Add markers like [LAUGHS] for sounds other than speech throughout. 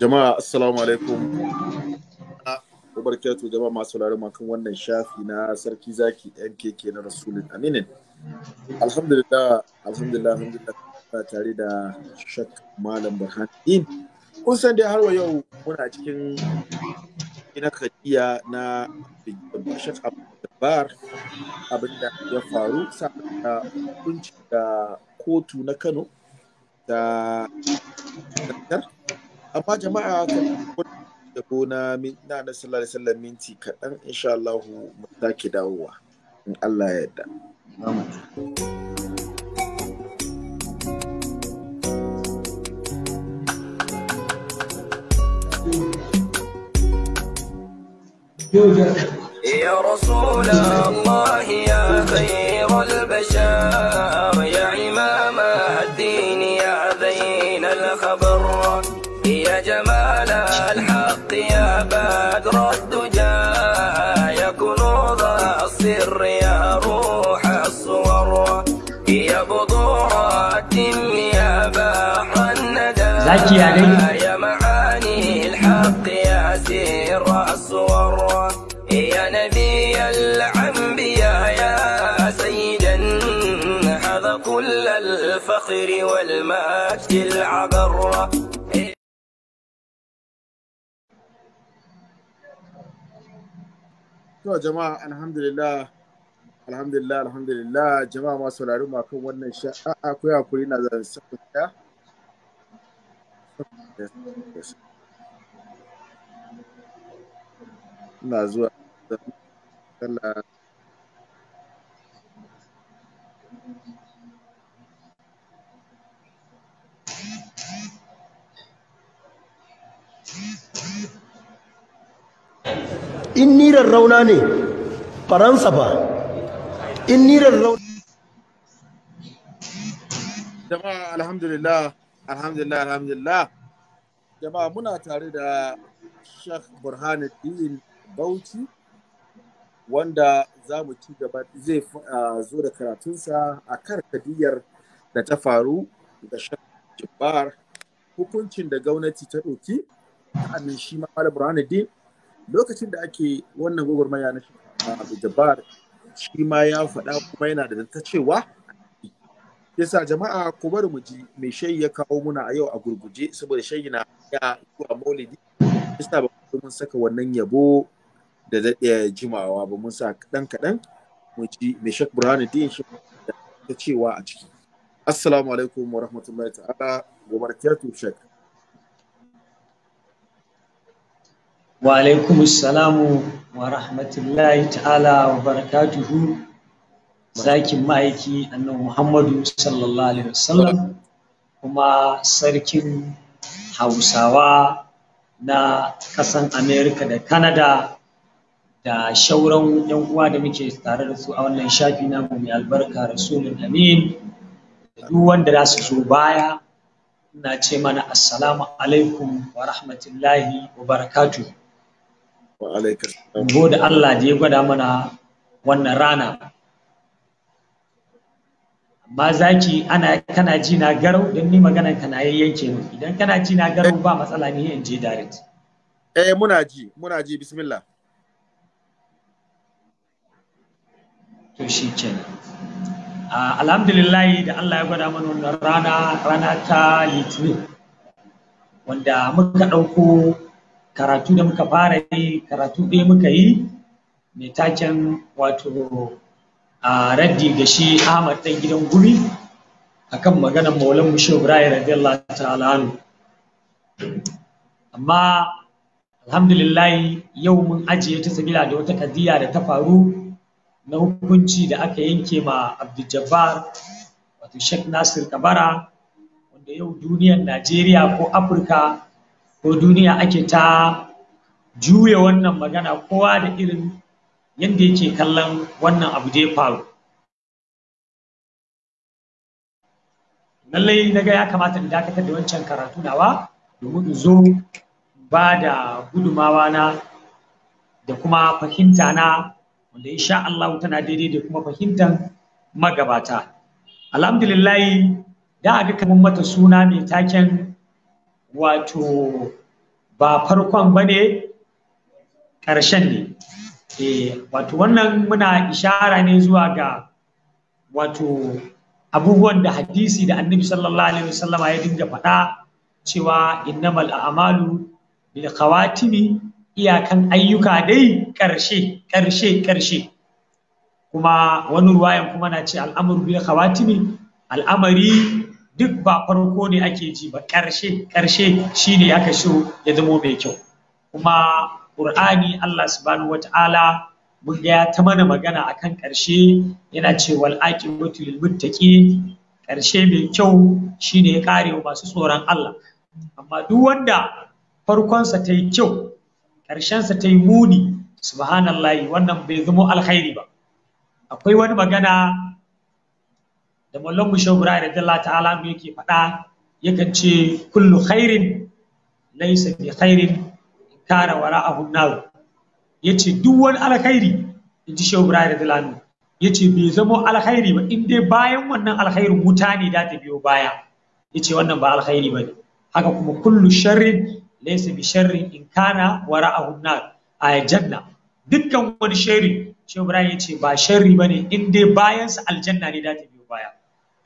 Jama'a assalamu alaikum. Ubarkatu jama'a masu sauraron makan wannan shafi na sarki zaki keke na Rasulun Aminin. Alhamdulillah, alhamdulillah, alhamdulillah tare da Shak Malam Burhanuddin. Kun san dai har yau muna cikin ina kadiya na Shak Abdulbar abinda ya faru saboda kunci da kotu na Kano da amma jama'a da gona na na sallallahu alaihi minti kaɗan insha Allah mu sake dawowa in Allah ya yarda. يا رسول الله يا خير البشر يا معاني الحق يا سير الصور يا نبي العنبياء يا سيدا هذا كل الفخر والمجد العبر يا جماعة الحمد لله الحمد لله الحمد لله جماعة ما سولارو ما كون ونشا أكو يا كولينا زنسا ina zuwa in nirar rauna ne faransa ba in nirar rauna jama'a alhamdulillah alhamdulillah alhamdulillah jama'a muna tare da Sheikh Burhanuddin Bauchi wanda za mu ci gaba zai zo da karatunsa a kan kadiyar da ta faru da Sheikh Jabbar hukuncin da gwamnati ta ɗauki sa'annan shi ma Malam Burhanuddin lokacin da ake wannan gwagwarmaya na Jabbar shi ma ya faɗa kuma yana da ta cewa yasa jama'a ko bari mu ji me shayi ya kawo muna a yau a gurguje saboda shayi na ya zuwa maulidi yasa ba mun saka wannan yabo da daɗe jimawa ba mun sa kaɗan kaɗan mu ji me shak din shi ta cewa a ciki assalamu alaikum wa rahmatullahi ta'ala wa barakatuh shak wa alaikum assalamu wa rahmatullahi ta'ala wa barakatuhu zakin ma'aiki annabi muhammadu sallallahu alaihi wasallam kuma sarkin hausawa na kasan Amerika da canada da shauran yan uwa da muke tare da su a wannan shafi na mai albarka rasulun amin duk wanda za su zo baya ina ce mana assalamu alaikum wa rahmatullahi wa barakatu wa alaikum Allah da ya gwada mana wannan rana amma ki, ana kana ji na garau don ni ka na yayyanke mu idan kana ji na garau ba matsala ni in je direct eh muna ji muna ji bismillah to shi kenan ah, alhamdulillah da Allah ya gwada mana wannan rana rana ta litinin wanda muka ɗauko karatu da muka fara yi karatu ɗaya muka yi mai taken wato a raddi ga shi Ahmad dan gidan guri akan maganar Maulan Mushe Ibrahim radiyallahu ta'ala anhu amma alhamdulillah yau mun ajiye ta sabila da wata kadiya da ta faru na hukunci da aka yanke ma Abdul Jabbar wato Sheikh Nasir Kabara wanda yau duniyar Najeriya ko Afirka ko duniya ake ta juya wannan magana kowa da irin yadda yake kallon wannan abu da ya faru lallai na ga ya kamata in dakatar da wancan karatu nawa domin in zo ba da gudumawa na da kuma fahimta na wanda sha Allah tana daidai da kuma fahimtar magabata alhamdulillahi da a duka mun mata suna mai taken wato ba farkon bane ƙarshen ne eh wato wannan muna ishara ne zuwa ga wato abubuwan da hadisi da annabi sallallahu alaihi wasallam ya dinga faɗa cewa innamal a'malu bil khawatimi iyakan ayyuka dai ƙarshe karshe ƙarshe kuma wani ruwayan kuma na ce al'amuru bil khawatimi al'amari duk ba farko ne ake ji ba ƙarshe-ƙarshe karshe shine aka so ya zama mai kyau kuma Ƙur'ani Allah subhanahu ta'ala mun ga ta mana magana akan ƙarshe yana ce wal mutu lil muttaqi ƙarshe mai kyau shine ya kare masu tsoron Allah amma duk wanda farkonsa ta yi kyau ƙarshensa ta yi muni subhanallahi wannan bai zama alkhairi ba akwai wani magana da mallan mu shehu ibrahim radiyallahu ta'ala mu yake faɗa yakan ce kullu khairin laysa bi khairin kana wara a nawo ya ce duk wani alkhairi in ji shehu ibrahim da lanu ya ce bai zamo alkhairi ba in dai bayan wannan alkhairin wuta ne da ta biyo baya ya ce wannan ba alkhairi ba ne haka kuma kullu sharrin laysa bi sharrin in kana wara a nawo a janna dukkan wani sharri shehu ibrahim ya ce ba sharri ba ne in dai bayansa aljanna ne da ta biyo baya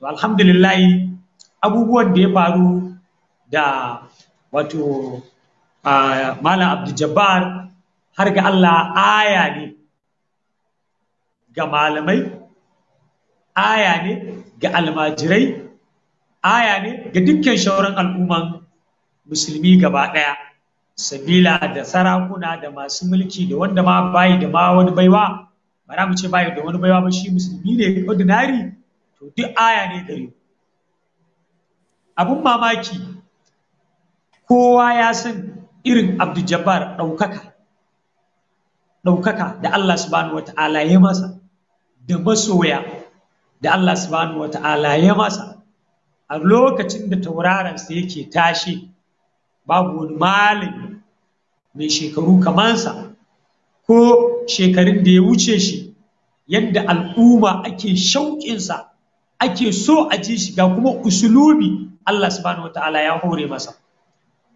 to alhamdulillah abubuwan da ya faru da wato Ah, malam abdul-jabbar har ga Allah aya ne ga malamai aya ne ga almajirai aya ne ga dukkan shauran al'umman musulmi gaba ɗaya sabila da sarakuna da masu mulki da wanda ma bayi da ma wani baiwa ba za mu ce bayi da wani baiwa ba shi musulmi ne ordinary to duk aya ne gare abun mamaki kowa ya san irin abdu jabbar ɗaukaka ɗaukaka da Allah subhanahu wata'ala ya masa da masoya da Allah subhanahu wata'ala ya masa a lokacin da tauraronsa yake tashi babu wani malami mai shekaru kamansa ko shekarun da ya wuce shi yadda al'umma ake shauƙinsa ake so a ji shiga kuma usulubi Allah subhanahu wata'ala ya hore masa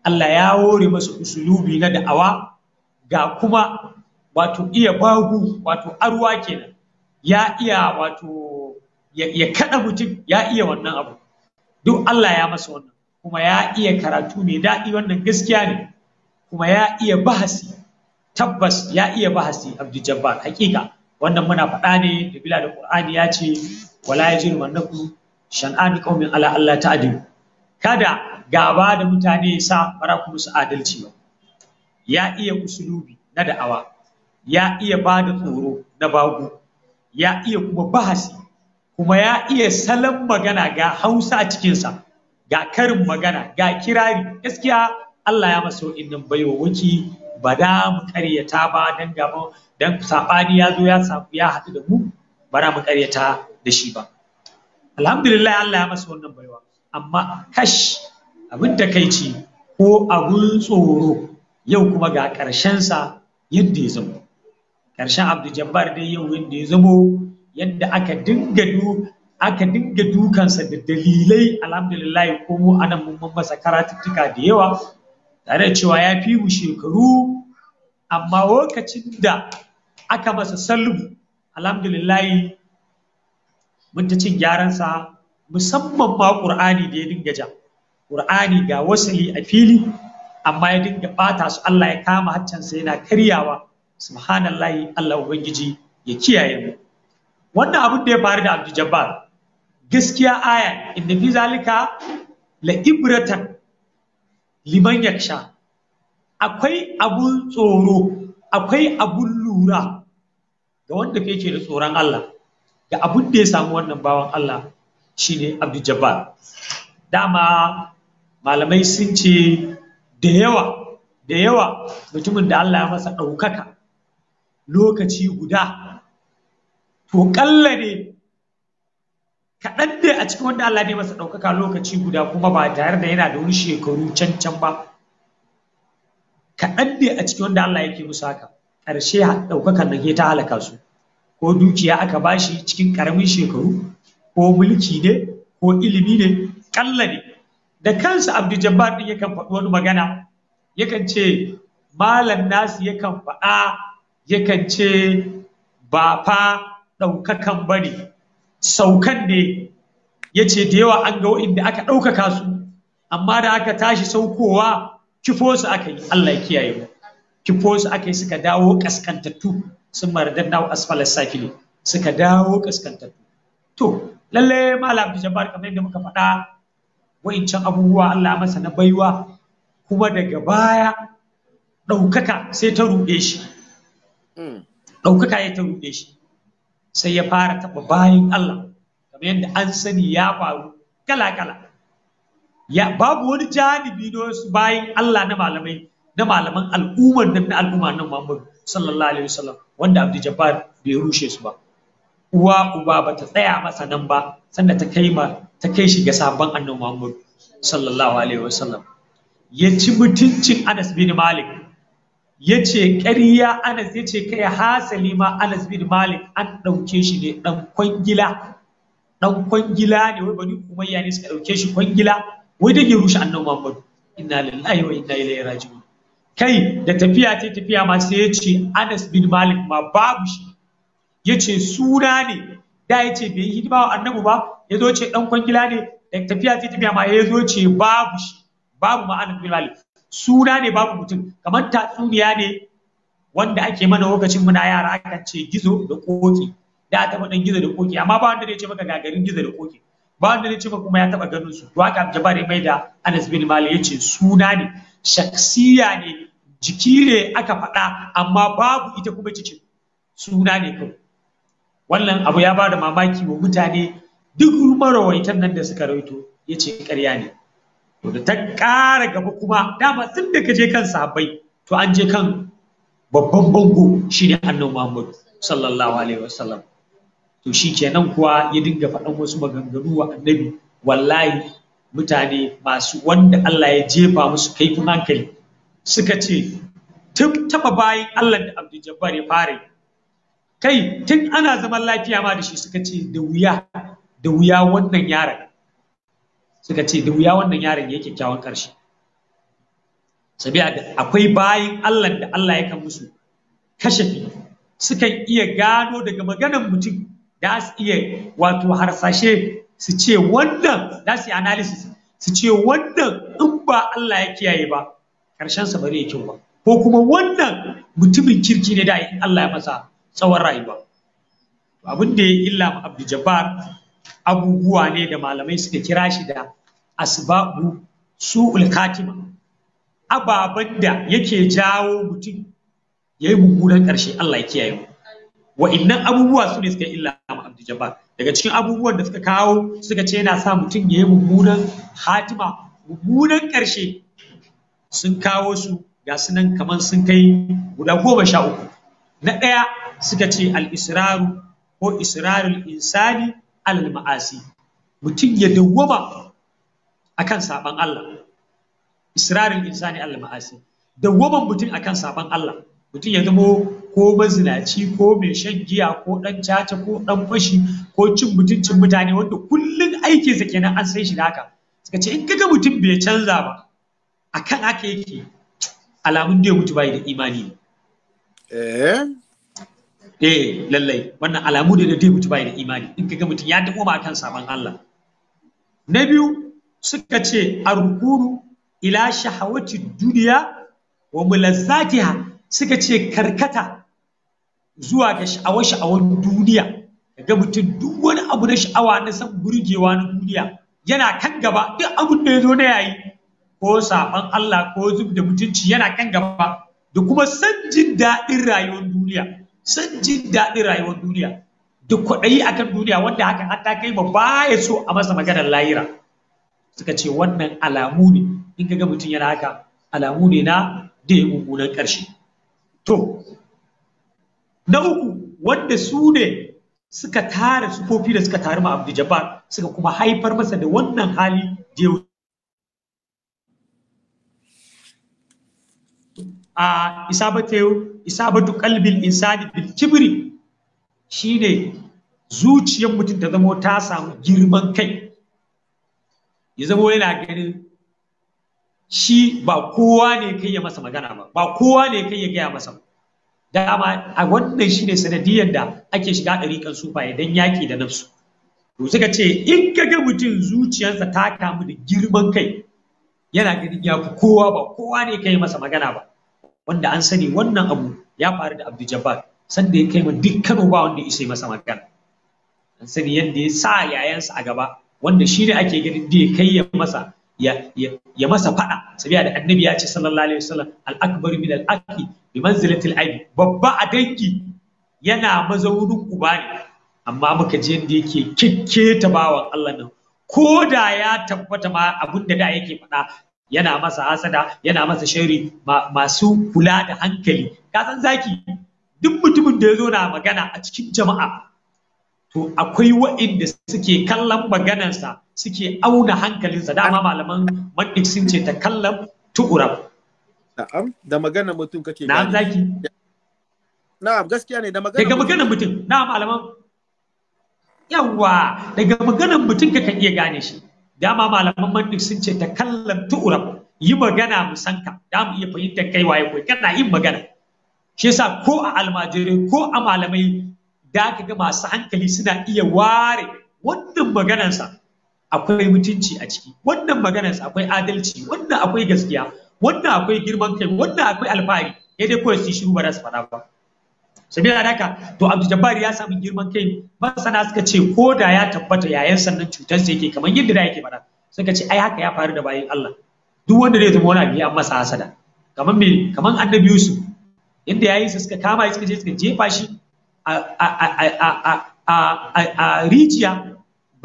Allah ya wore masa usulubi na da'awa ga kuma wato iya bagu wato arwa kenan ya iya wato ya kada mutum ya iya wannan abu duk Allah ya masa wannan kuma ya iya karatu mai daɗi wannan gaskiya ne kuma ya iya bahasi tabbas ya iya bahasi abdu Jabbar hakika wannan muna faɗa ne da bila da Qur'ani ya ce wala yajrimannakum shan'ani qaumin ala Allah ta'dilu kada gaba da mutane ya sa ba ku musu adalci ba ya iya usulubi na da'awa ya iya ba da tsoro na bago, ya iya kuma bahasi kuma ya iya salon magana ga hausa a cikinsa ga karin magana ga kirari gaskiya Allah ya masa nan baiwa wuki ba da mu karyata ba dan gaba dan sabani ya zo ya samu ya hadu da mu ba da mu karyata da shi ba alhamdulillah Allah ya masa wannan baiwa amma kash abin da takaici ko abin tsoro yau kuma ga ƙarshensa yadda ya zamo ƙarshen abdu jabbar dai yau yadda ya zamo yadda aka dinga aka dinga dukansa da dalilai alhamdulillah ko mu anan mun masa karatuttuka da yawa tare da cewa ya fi mu shekaru amma lokacin da aka masa salbu alhamdulillah mun ta cin gyaransa musamman ma ƙur'ani da ya dinga ja Qur'ani ga wasali a fili amma ya dinga ɓata su Allah ya kama haccansa yana karyawa subhanallahi Allah ubangiji ya kiyaye mu wannan abin da ya faru da Abdul Jabbar gaskiya aya inna fi zalika la ibratan liman yaksha akwai abun tsoro akwai abun lura ga wanda yake da tsoron Allah ga abun da ya samu wannan bawan Allah shine Abdul Jabbar dama malamai sun ce da yawa da yawa mutumin da Allah ya masa ɗaukaka lokaci guda to ƙalla ne kaɗan ne a cikin wanda Allah ne masa ɗaukaka lokaci guda kuma ba tare da yana da wani shekaru cancan can ba kaɗan ne a cikin wanda Allah yake musu haka ƙarshe ɗaukakan ke ta halaka su ko dukiya aka bashi cikin ƙaramin shekaru ko mulki ne ko ilimi ne ƙalla da kansa abdu jabbar din yakan faɗi wani magana yakan ce malam nasu yakan faɗa yakan ce ba fa ɗaukakan bane saukan ne ya ce da yawa an ga inda aka ɗaukaka su amma da aka tashi saukowa kifo su aka yi Allah ya kiyaye mu kifo su aka yi suka dawo kaskantattu sun maradar na'u asfalar sakili suka dawo kaskantattu to lallai malam Jabbar kamar yadda muka faɗa wa'incan abubuwa Allah masa na baiwa kuma daga baya ɗaukaka sai ta ruɗe shi hmm. ɗaukaka ya ta ruɗe shi sai ya fara taɓa bayan Allah kamar yadda an sani ya faru kala-kala ya babu wani janibi da wasu bayan Allah na malamai na malaman al'ummar nan na al'umma nan Muhammadu sallallahu alaihi wasallam wanda Abdul Jabbar bai rushe su ba uwa uba bata tsaya masa nan ba sanda ta kai ma ta kai shi ga sabon annabi Muhammad sallallahu alaihi wasallam ya ci mutuncin Anas bin Malik ya ce ƙarya Anas ya ce kai hasali ma Anas bin Malik an ɗauke shi ne ɗan kwangila ɗan kwangila ne wai bani umayya ne suka ɗauke shi kwangila wai dan ya rushe annabi Muhammad inna lillahi wa inna ilaihi raji'un kai da tafiya ta tafiya ma sai ya ce Anas bin Malik ma babu shi ya ce suna ne da ya ce bai hidima wa annabi ba ya zo ce dan kwangila ne da tafiya ce tafiya ma ya zo ce babu shi babu ma'anar bilal suna ne babu mutum kamar tatsuniya ne wanda ake mana lokacin muna yara aka ce gizo da koki da a taba dan gizo da koki amma ba wanda zai ce maka gagarin gizo da koki ba wanda zai ce maka kuma ya taba ganin su to haka jabari mai da Anas bin Malik yace suna ne shaksiya ne jiki ne aka faɗa amma babu ita kuma cikin suna ne kawai wannan abu ya ba da mamaki wa mutane duk marawaitan nan da suka rawaito ya ce ƙarya ne to da ta ƙara gaba kuma dama tun da ka je kan sahabbai to an je kan babban bango shine annabi Muhammad sallallahu alaihi wasallam to shi kenan kuwa ya dinga faɗan wasu maganganu wa annabi wallahi mutane masu wanda Allah ya jefa musu kaifin hankali suka ce taɓa bayan Allah da Abdul Jabbar ya fara kai tun ana zaman lafiya ma da shi suka ce da wuya da wuya wannan yaron suka ce da wuya wannan yaron ya kyakkyawan karshe sabiya akwai bayan Allah da Allah ya kan musu kashafi sukan iya gano daga maganan mutum da su iya wato harsashe su ce wannan da su analysis su ce wannan in ba Allah ya kiyaye ba sa ba ya kyau ba ko kuma wannan mutumin kirki ne da Allah ya masa tsawon rayuwa abin da ya illa ma abdu jabbar abubuwa ne da malamai suka kira shi da asbabu su'ul katima ababen da yake jawo mutum ya yi mummunan ƙarshe Allah ya kiyaye mu innan abubuwa su ne suka illa ma abdu jabbar daga cikin abubuwan da suka kawo suka ce yana sa mutum ya yi mummunan hatima mummunan ƙarshe sun kawo su ga sunan kamar sun kai guda goma sha uku na ɗaya suka ce al'israru ko israrul insani alal ma'asi mutum ya dawwama kan saban Allah insani alal ma'asi dawwaman mutum kan saban Allah mutum ya zamo ko mazinaci ko mai shan giya ko ɗan caca ko ɗan fashi ko cin mutuncin mutane wanda kullum aikinsa kenan an sai shi da haka suka ce in kaga mutum bai canza ba akan haka yake alamun da ya mutu bai da imani eh eh lallai wannan alamu ne da dai mutu bai da imani in ka ga mutum ya dabo ba kan saban Allah na biyu suka ce arkuru ila shahawati duniya wa mulazzatiha suka ce karkata zuwa ga sha'awar sha'awar duniya kaga mutum duk wani abu na sha'awa na san burgewa na duniya yana kan gaba duk abin da ya zo na yayi ko saban Allah ko zub da mutunci yana kan gaba da kuma san jin daɗin rayuwar duniya sun ji daɗin rayuwar duniya duk kwaɗayi akan duniya wanda hakan hatta kai ba baya so a masa maganar lahira suka ce wannan alamu ne in ka ga mutum yana haka alamu ne na da ya mummunan ƙarshe to na uku wanda su ne suka tara sufofi da suka taru ma abdu jabbar suka kuma haifar masa da wannan hali da ya a isabatu isabatu qalbil insani bil kibri shine zuciyar mutum ta zama ta samu girman kai ya zama yana ganin shi ba kowa ne kai ya masa magana ba ba kowa ne kai ya gaya masa dama a wannan shine sanadiyar da ake shiga ɗariƙan sufaye don yaƙi da nafsu to suka ce in ka ga mutum zuciyarsa ta kamu da girman kai yana ganin ya fi kowa ba kowa ne kai masa magana ba wanda an sani wannan abu ya faru da Abdul Jabbar sanda ya kai ma duk Kano ba wanda ya isa masa magana an sani yadda ya sa yayansa a gaba wanda shi ne ake ganin da ya kai ya masa ya masa fada sabiya da annabi ya ce sallallahu alaihi wasallam al-akbar min al-aqi bi manzilatil aib babba a danki yana mazaunin uba ne amma muka ji yadda yake kikketa bawan Allah nan ko da ya tabbata ma abin da da yake faɗa yana masa hasada yana masa shari masu kula da hankali ka san zaki duk mutumin da ya zo na magana a cikin jama'a to akwai wa'inda suke kallon maganarsa suke auna hankalinsa dama malaman madik sun ce ta kallon tukura na'am da maganar mutum kake na'am zaki na'am gaskiya ne da magana daga maganar mutum na'am malaman Yawa, daga maganar mutum ka kan iya gane shi dama malaman mantik sun ce ta kallan tu'urab yi magana mu san ka da mu iya fahimtar kai waye kai kana yin magana shi yasa ko a almajirai ko a malamai da ka ga masu hankali suna iya ware wannan maganarsa akwai mutunci a ciki wannan maganarsa akwai adalci wannan akwai gaskiya wannan akwai girman kai wannan akwai alfahari ya dai kawai su shiru ba za su faɗa ba sabila da haka to abdu Jabbar ya samu girman kai masana suka ce ko da ya tabbata yayan sannan cutar sai yake kamar yadda da yake faɗa suka ce ai haka ya faru da bayin Allah duk wanda zai zama wani abu ya masa hasada kamar me kamar Annabi Yusuf yadda yayin su suka kama shi suka je suka jefa shi a a a a a rijiya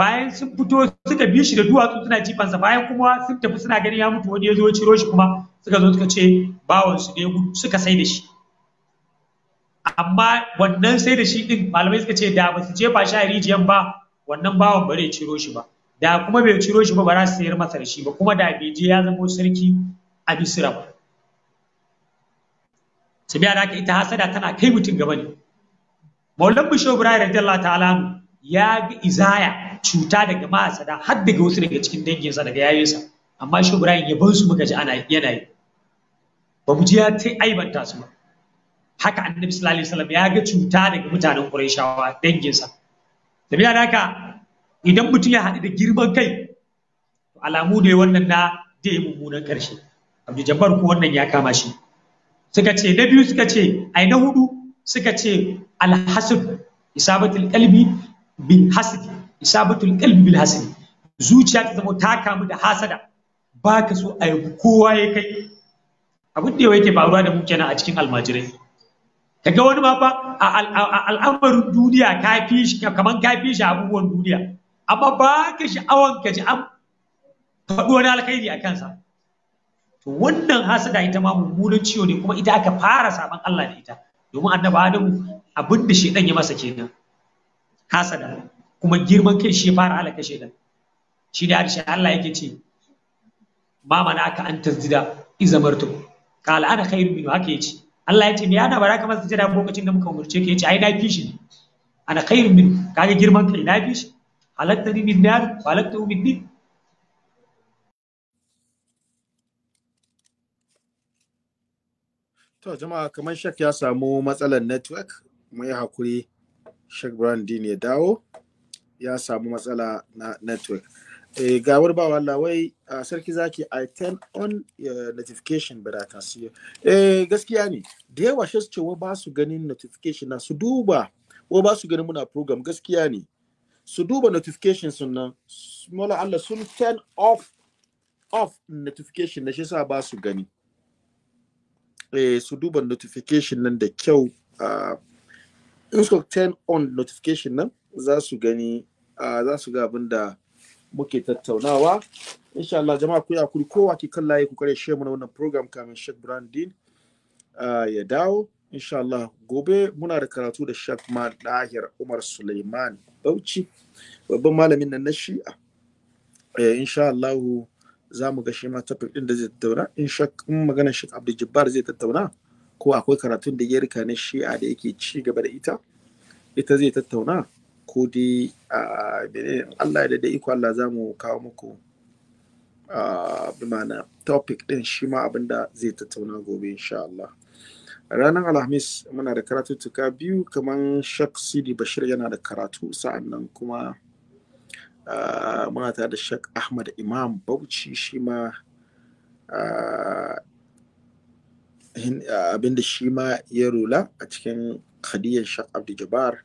bayan sun fito suka bi shi da duwatsu suna jifansa bayan kuma sun tafi suna ganin ya mutu wani ya zo ciro shi kuma suka zo suka ce bawansu ne suka sai da shi amma wannan sai da shi din malamai suka ce da ba su jefa shi a rijiyan ba wannan bawan ba zai ciro shi ba da kuma bai ciro shi ba ba za su sayar masa da shi ba kuma da bai je ya zama sarki a bisira ba su biya da ita hasada tana kai mutum gaba ne maulan bisho ibrahim ta ta'ala ya bi izaya cuta daga ma'asada har daga wasu daga cikin danginsa daga yayinsa amma shi ya bar su muka ji ana yana ba mu ji ya ta aibanta su ba haka annabi sallallahu alaihi wasallam ya ga cuta daga mutanen Qurayshawa danginsa sabila da haka idan mutum ya haɗu da girman kai to alamu ne wannan na da ya mummunan ƙarshe Abdul Jabbar ko wannan ya kama shi suka ce na biyu suka ce ai na hudu suka ce alhasib isabatul qalbi bil hasad isabatul qalbi bil hasad zuciya ta zama ta kamu da hasada ba ka so ai kowa ya kai abin da yake faruwa da mu kenan a cikin almajirai kaga wani ma fa a al'amarin duniya ka fi shi kaman ka fi shi abubuwan duniya amma ba ka sha'awan ka ji an faɗi wani alkhairi a kansa to wannan hasada ita ma mummunan ciwo ne kuma ita aka fara saban Allah da ita domin annabi mu abin da shedan ya masa kenan hasada kuma girman kai shi fara halaka shedan shi da harshe Allah yake ce ma mana aka an tazdida izamartu qala ana khairu min haka yace Allah ya ce me yana bara kamar sujada lokacin da muka umurce ka yace ai na fishi ana khairun min kaga girman kai na fishi halatta ni min nar halatta min din to jama'a kamar shak ya samu matsalar network mu yi hakuri shak brandin ya dawo ya samu matsala na network Eh, ga wani ba walla wai uh, sarki zaki I turn on notification but I can see you. Eh, gaskiya ne da yawa shi su ce wa ba su ganin notification na su duba wa ba su ganin muna program gaskiya ne su duba notification sun nan mola Allah sun turn off off notification na shi sa ba su gani eh, su duba notification nan da kyau uh, in su turn on notification nan za su gani uh, za su ga abin da muke tattaunawa insha Allah jama'a ku yakuri kowa ke kan layi ku kare shi mana wannan program kamin Sheikh Brandin ah, ya dawo insha Allah gobe muna da karatu da Sheikh Madahir Umar Suleiman Bauchi babban malamin nan na Shi'a eh insha Allah za mu ga shi ma topic din da zai tattauna in in magana Sheikh Abdul Jabbar zai tattauna ko akwai karatun da ya rika na Shi'a da yake ci gaba da ita ita zai tattauna ko dai a Allah ya da iko Allah za mu kawo muku bimana topic din shi ma abinda zai tattauna gobe insha Allah ranar alhamis muna da karatuttuka biyu kamar Sheikh sidi bashir yana da karatu sa'annan kuma muna tare da Sheikh ahmad imam bauchi shi ma abinda shi ma ya rula a cikin hadiyar Sheikh abdu jabbar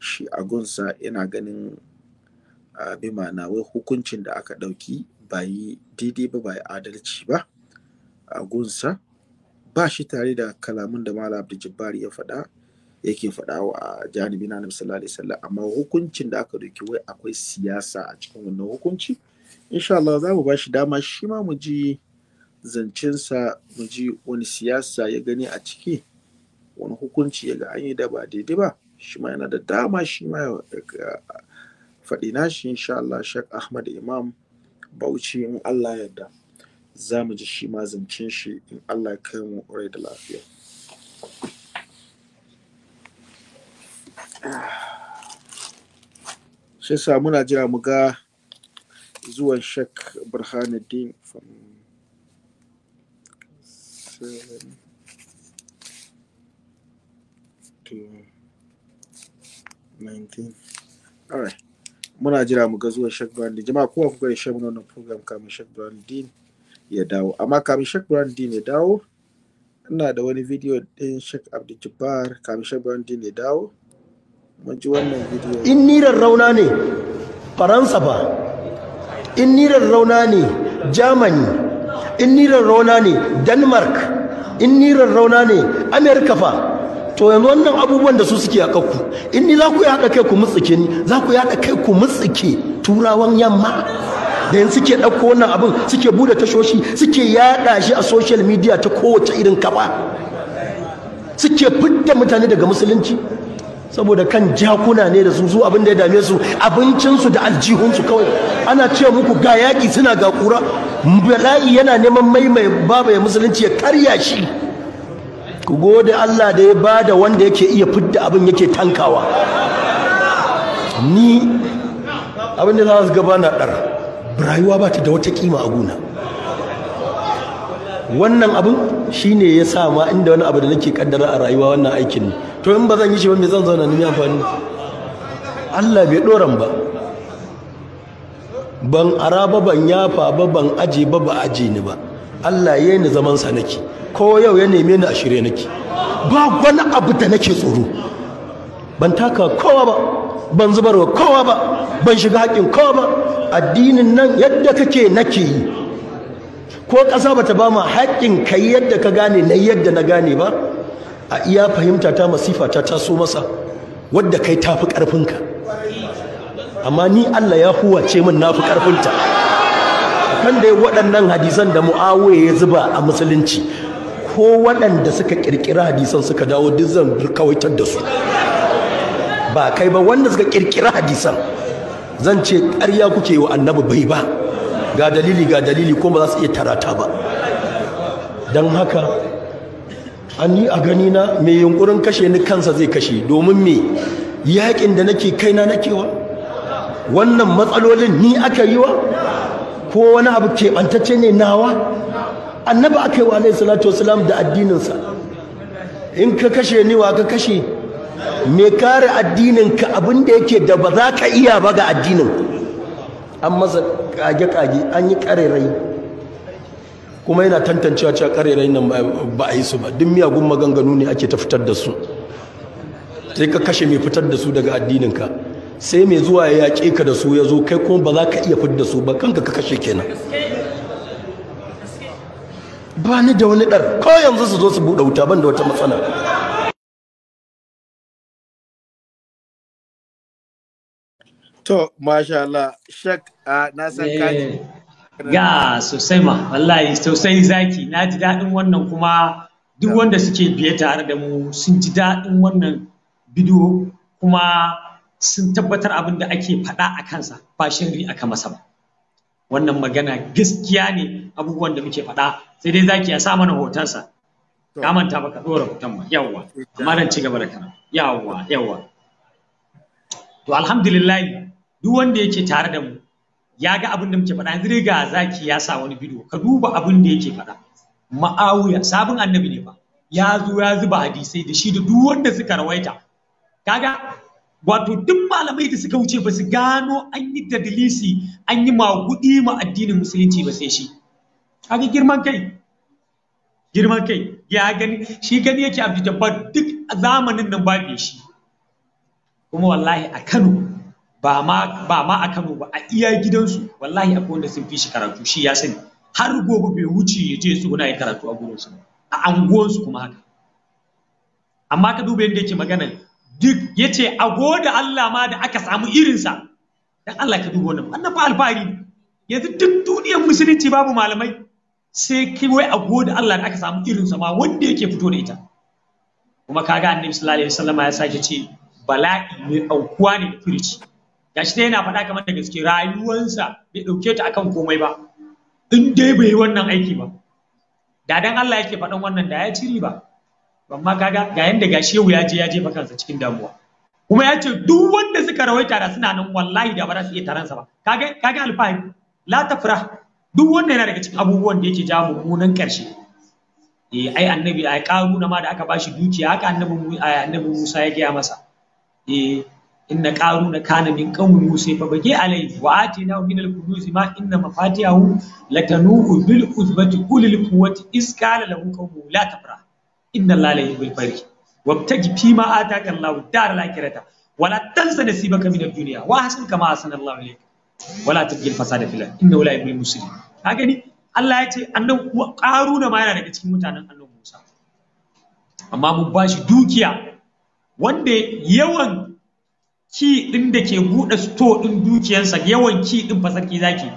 shi a gunsa yana ganin bi ma'ana wai hukuncin da aka ɗauki ba yi daidai ba ba yi adalci ba a gunsa ba shi tare da kalamun da Malam Abdul Jabbar ya faɗa yake faɗa a janibi na Annabi sallallahu alaihi amma hukuncin da aka ɗauki wai akwai siyasa a cikin wannan hukunci insha Allah za mu ba shi dama shi ma mu ji zancensa mu ji wani siyasa ya gani a ciki wani hukunci ya ga an yi da ba daidai ba shi ma yana da dama shi ma ya faɗi nashi insha Allah Sheikh Ahmad Imam Bauchi in Allah yarda za mu ji shi ma zancen shi in Allah ya kai mu rai da lafiya sai sa muna jira mu ga zuwan Sheikh Burhanuddin from seven to muna jira mu ga zuwa Sheikh din jama'a kowa kuka da share mana wannan program kamin Sheikh din ya dawo amma kamin Sheikh din ya dawo ina da wani video din Sheikh Abdul Jabbar kamin Sheikh din ya dawo mun ji wannan video in ni rauna ne Faransa ba in ni rauna ne Germany in ni rauna ne Denmark in ni rauna ne America fa to yanzu wannan abubuwan da su suke a kakku in ni za ku yaɗa kai ku mutsike ni za ku yaɗa kai ku mutsike turawan yamma da yanzu suke ɗauko wannan abin suke bude tashoshi suke yaɗa shi a social media ta kowace irin kaba suke fitta mutane daga musulunci saboda kan jakuna ne da su su abin da ya dame su abincinsu da aljihunsu kawai ana ce muku ga yaƙi suna ga kura bala'i yana neman maimai babu ya musulunci ya karya shi ku gode Allah da ya bada wanda yake iya fidda abin yake tankawa ni abin da za su gaba na rayuwa ba ta da wata kima a guna wannan abin shine ya sa ma inda wani abu da nake kaddara a rayuwa wannan aikin to in ba zan yi shi ba me zan zauna ni amfani Allah bai doran ba ban araba ban yafa ba ban aje ba ba aje ni ba Allah yayi ni zaman sa nake ko yau ya neme ni a shirye nake ba wani abu da nake tsoro ban taka kowa ba ban zubarwa kowa ba ban shiga haƙin kowa ba addinin nan yadda kake nake yi ko ƙasa ta ba ma haƙin kai yadda ka gane na yadda na gane ba a iya fahimta ta masifa ta taso masa wadda kai ta fi ƙarfinka amma ni Allah ya huwace min na fi ƙarfinta kan dai waɗannan hadisan da mu'awiya ya zuba a musulunci ko waɗanda suka ƙirƙira hadisan suka dawo duk zan kawaitar da su ba kai ba wanda suka ƙirƙira hadisan zan ce ƙarya kuke wa annabi bai ba ga dalili ga dalili ko ba za su iya tarata ba don haka an yi a gani na mai yunkurin kashe ni kansa zai kashe domin me yaƙin da nake kaina nakewa wannan matsalolin ni aka yi wa ko wani abu keɓantacce ne nawa annabi aka yi wa alaihi salatu wasalam da addininsa in ka kashe ni wa ka kashe me kare addininka abin da yake da ba za ka iya ba ga addinin an masa kage-kage an yi karerai kuma yana tantancewa cewa karerai nan ba a yi su ba duk miyagun maganganu ne ake ta fitar da su sai ka kashe mai fitar da su daga addininka sai mai zuwa ya yaƙe ka da su ya zo kai kuma ba za ka iya fitar da su ba kanka ka kashe kenan ba ni da wani ɗar ko yanzu su zo su buɗe wuta ban da wata matsala to masha Allah shek a na san kaji ga eh, sosai ma wallahi sosai zaki na ji daɗin wannan kuma duk wanda suke biye tare da mu sun ji daɗin wannan bidiyo kuma sun tabbatar abin da ake faɗa a kansa ba shirri aka masa ba wannan magana gaskiya ne abubuwan da muke faɗa sai dai zaki ya sa mana hotonsa ka manta ba ka dora hoton ba yawwa amma dan ci gaba da kana yawwa yawwa to alhamdulillah duk wanda yake tare da mu ya ga abin da muke faɗa yanzu dai ga zaki ya sa wani bidiyo ka duba abin da yake faɗa ma'awiya sabon annabi ne ba, ya zo ya zuba hadisai da shi da duk wanda suka rawaita kaga wato duk malamai da suka wuce ba su gano an yi anyi an yi ma addinin musulunci ba sai shi kaga girman kai girman kai ya gani shi gani yake abdu jabbar duk zamanin nan ba shi kuma wallahi a Kano ba ma ba a Kano ba a iya gidansu wallahi akwai wanda sun fi shi karatu shi ya sani har gobe bai wuce ya je guna ya karatu a gurinsu a anguwansu kuma haka amma ka duba yadda yake magana duk yace ce a gode Allah ma da aka samu irinsa dan Allah ka dubo nan wannan fa alfahari yanzu duk duniyar musulunci babu malamai sai ki wai a gode Allah da aka samu irinsa ma wanda yake fito da ita kuma kaga annabi sallallahu alaihi wasallam ya sake ce bala'i mai aukuwa ne da firici gashi dai yana faɗa kamar da gaske rayuwarsa bai ɗauke ta akan komai ba in dai bai yi wannan aiki ba da dan Allah yake faɗan wannan da ya ci ba. amma kaga ga yanda ga shehu ya je ya jefa kansa cikin damuwa kuma ya ce duk wanda suka rawaita da suna nan wallahi da ba za su iya taransa ba kaga kaga alfahari la tafra duk wanda yana daga cikin abubuwan da yake jawo mummunan karshe eh ai annabi ai na ma da aka bashi dukiya haka annabi annabi Musa ya gaya masa eh inna na kana min qaumi musa fa bage alai wa atina min al-kunuz ma inna mafatihu latanuhu bil uzbati ulil quwwati iz lahu la tafra inna allaha la yuhibbul farihin wabtagi fi ma ataka allah dar al-akhirata wala tansa nasibaka min ad-dunya wa hasan kama hasana allah alayka wala tabghi fasada fil ard inna la yuhibbul mufsidin ka gani Allah ya ce annan ƙaruna ma yana daga cikin mutanen annan Musa amma mu bashi dukiya wanda yawan ki ɗin da ke buɗe sto din dukiyansa, yawan ki din fasarki zaki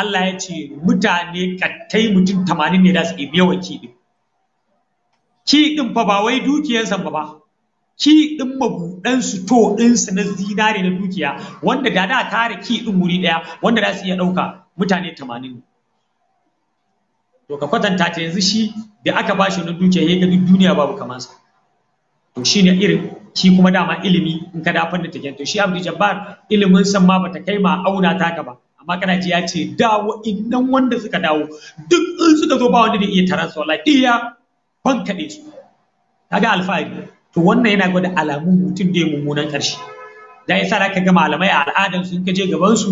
Allah ya ce mutane kattai mutum tamanin ne da su ɗebi yawan ki ɗin ki ɗin fa ba wai dukiyar zamba ba ki ɗin mabuɗan su to ɗinsu na zinare na dukiya wanda da da tare ki ɗin wuri ɗaya wanda za su iya ɗauka mutane tamanin to ka kwatanta ta yanzu shi da aka ba shi na dukiya ya duk duniya babu sa to shi ne irin ki kuma dama ilimi in ka dafan da take to shi Abdul Jabbar ilimin san ma bata kai ma auna taka ba amma kana ji ya ce dawo innan wanda suka dawo duk in suka zo ba wanda da iya tarasa wallahi iya bankaɗe su kaga alfahari to wannan yana gwada alamun mutum da mummunan ƙarshe da ya za ka ga malamai a al'adar sun in ka je gaban su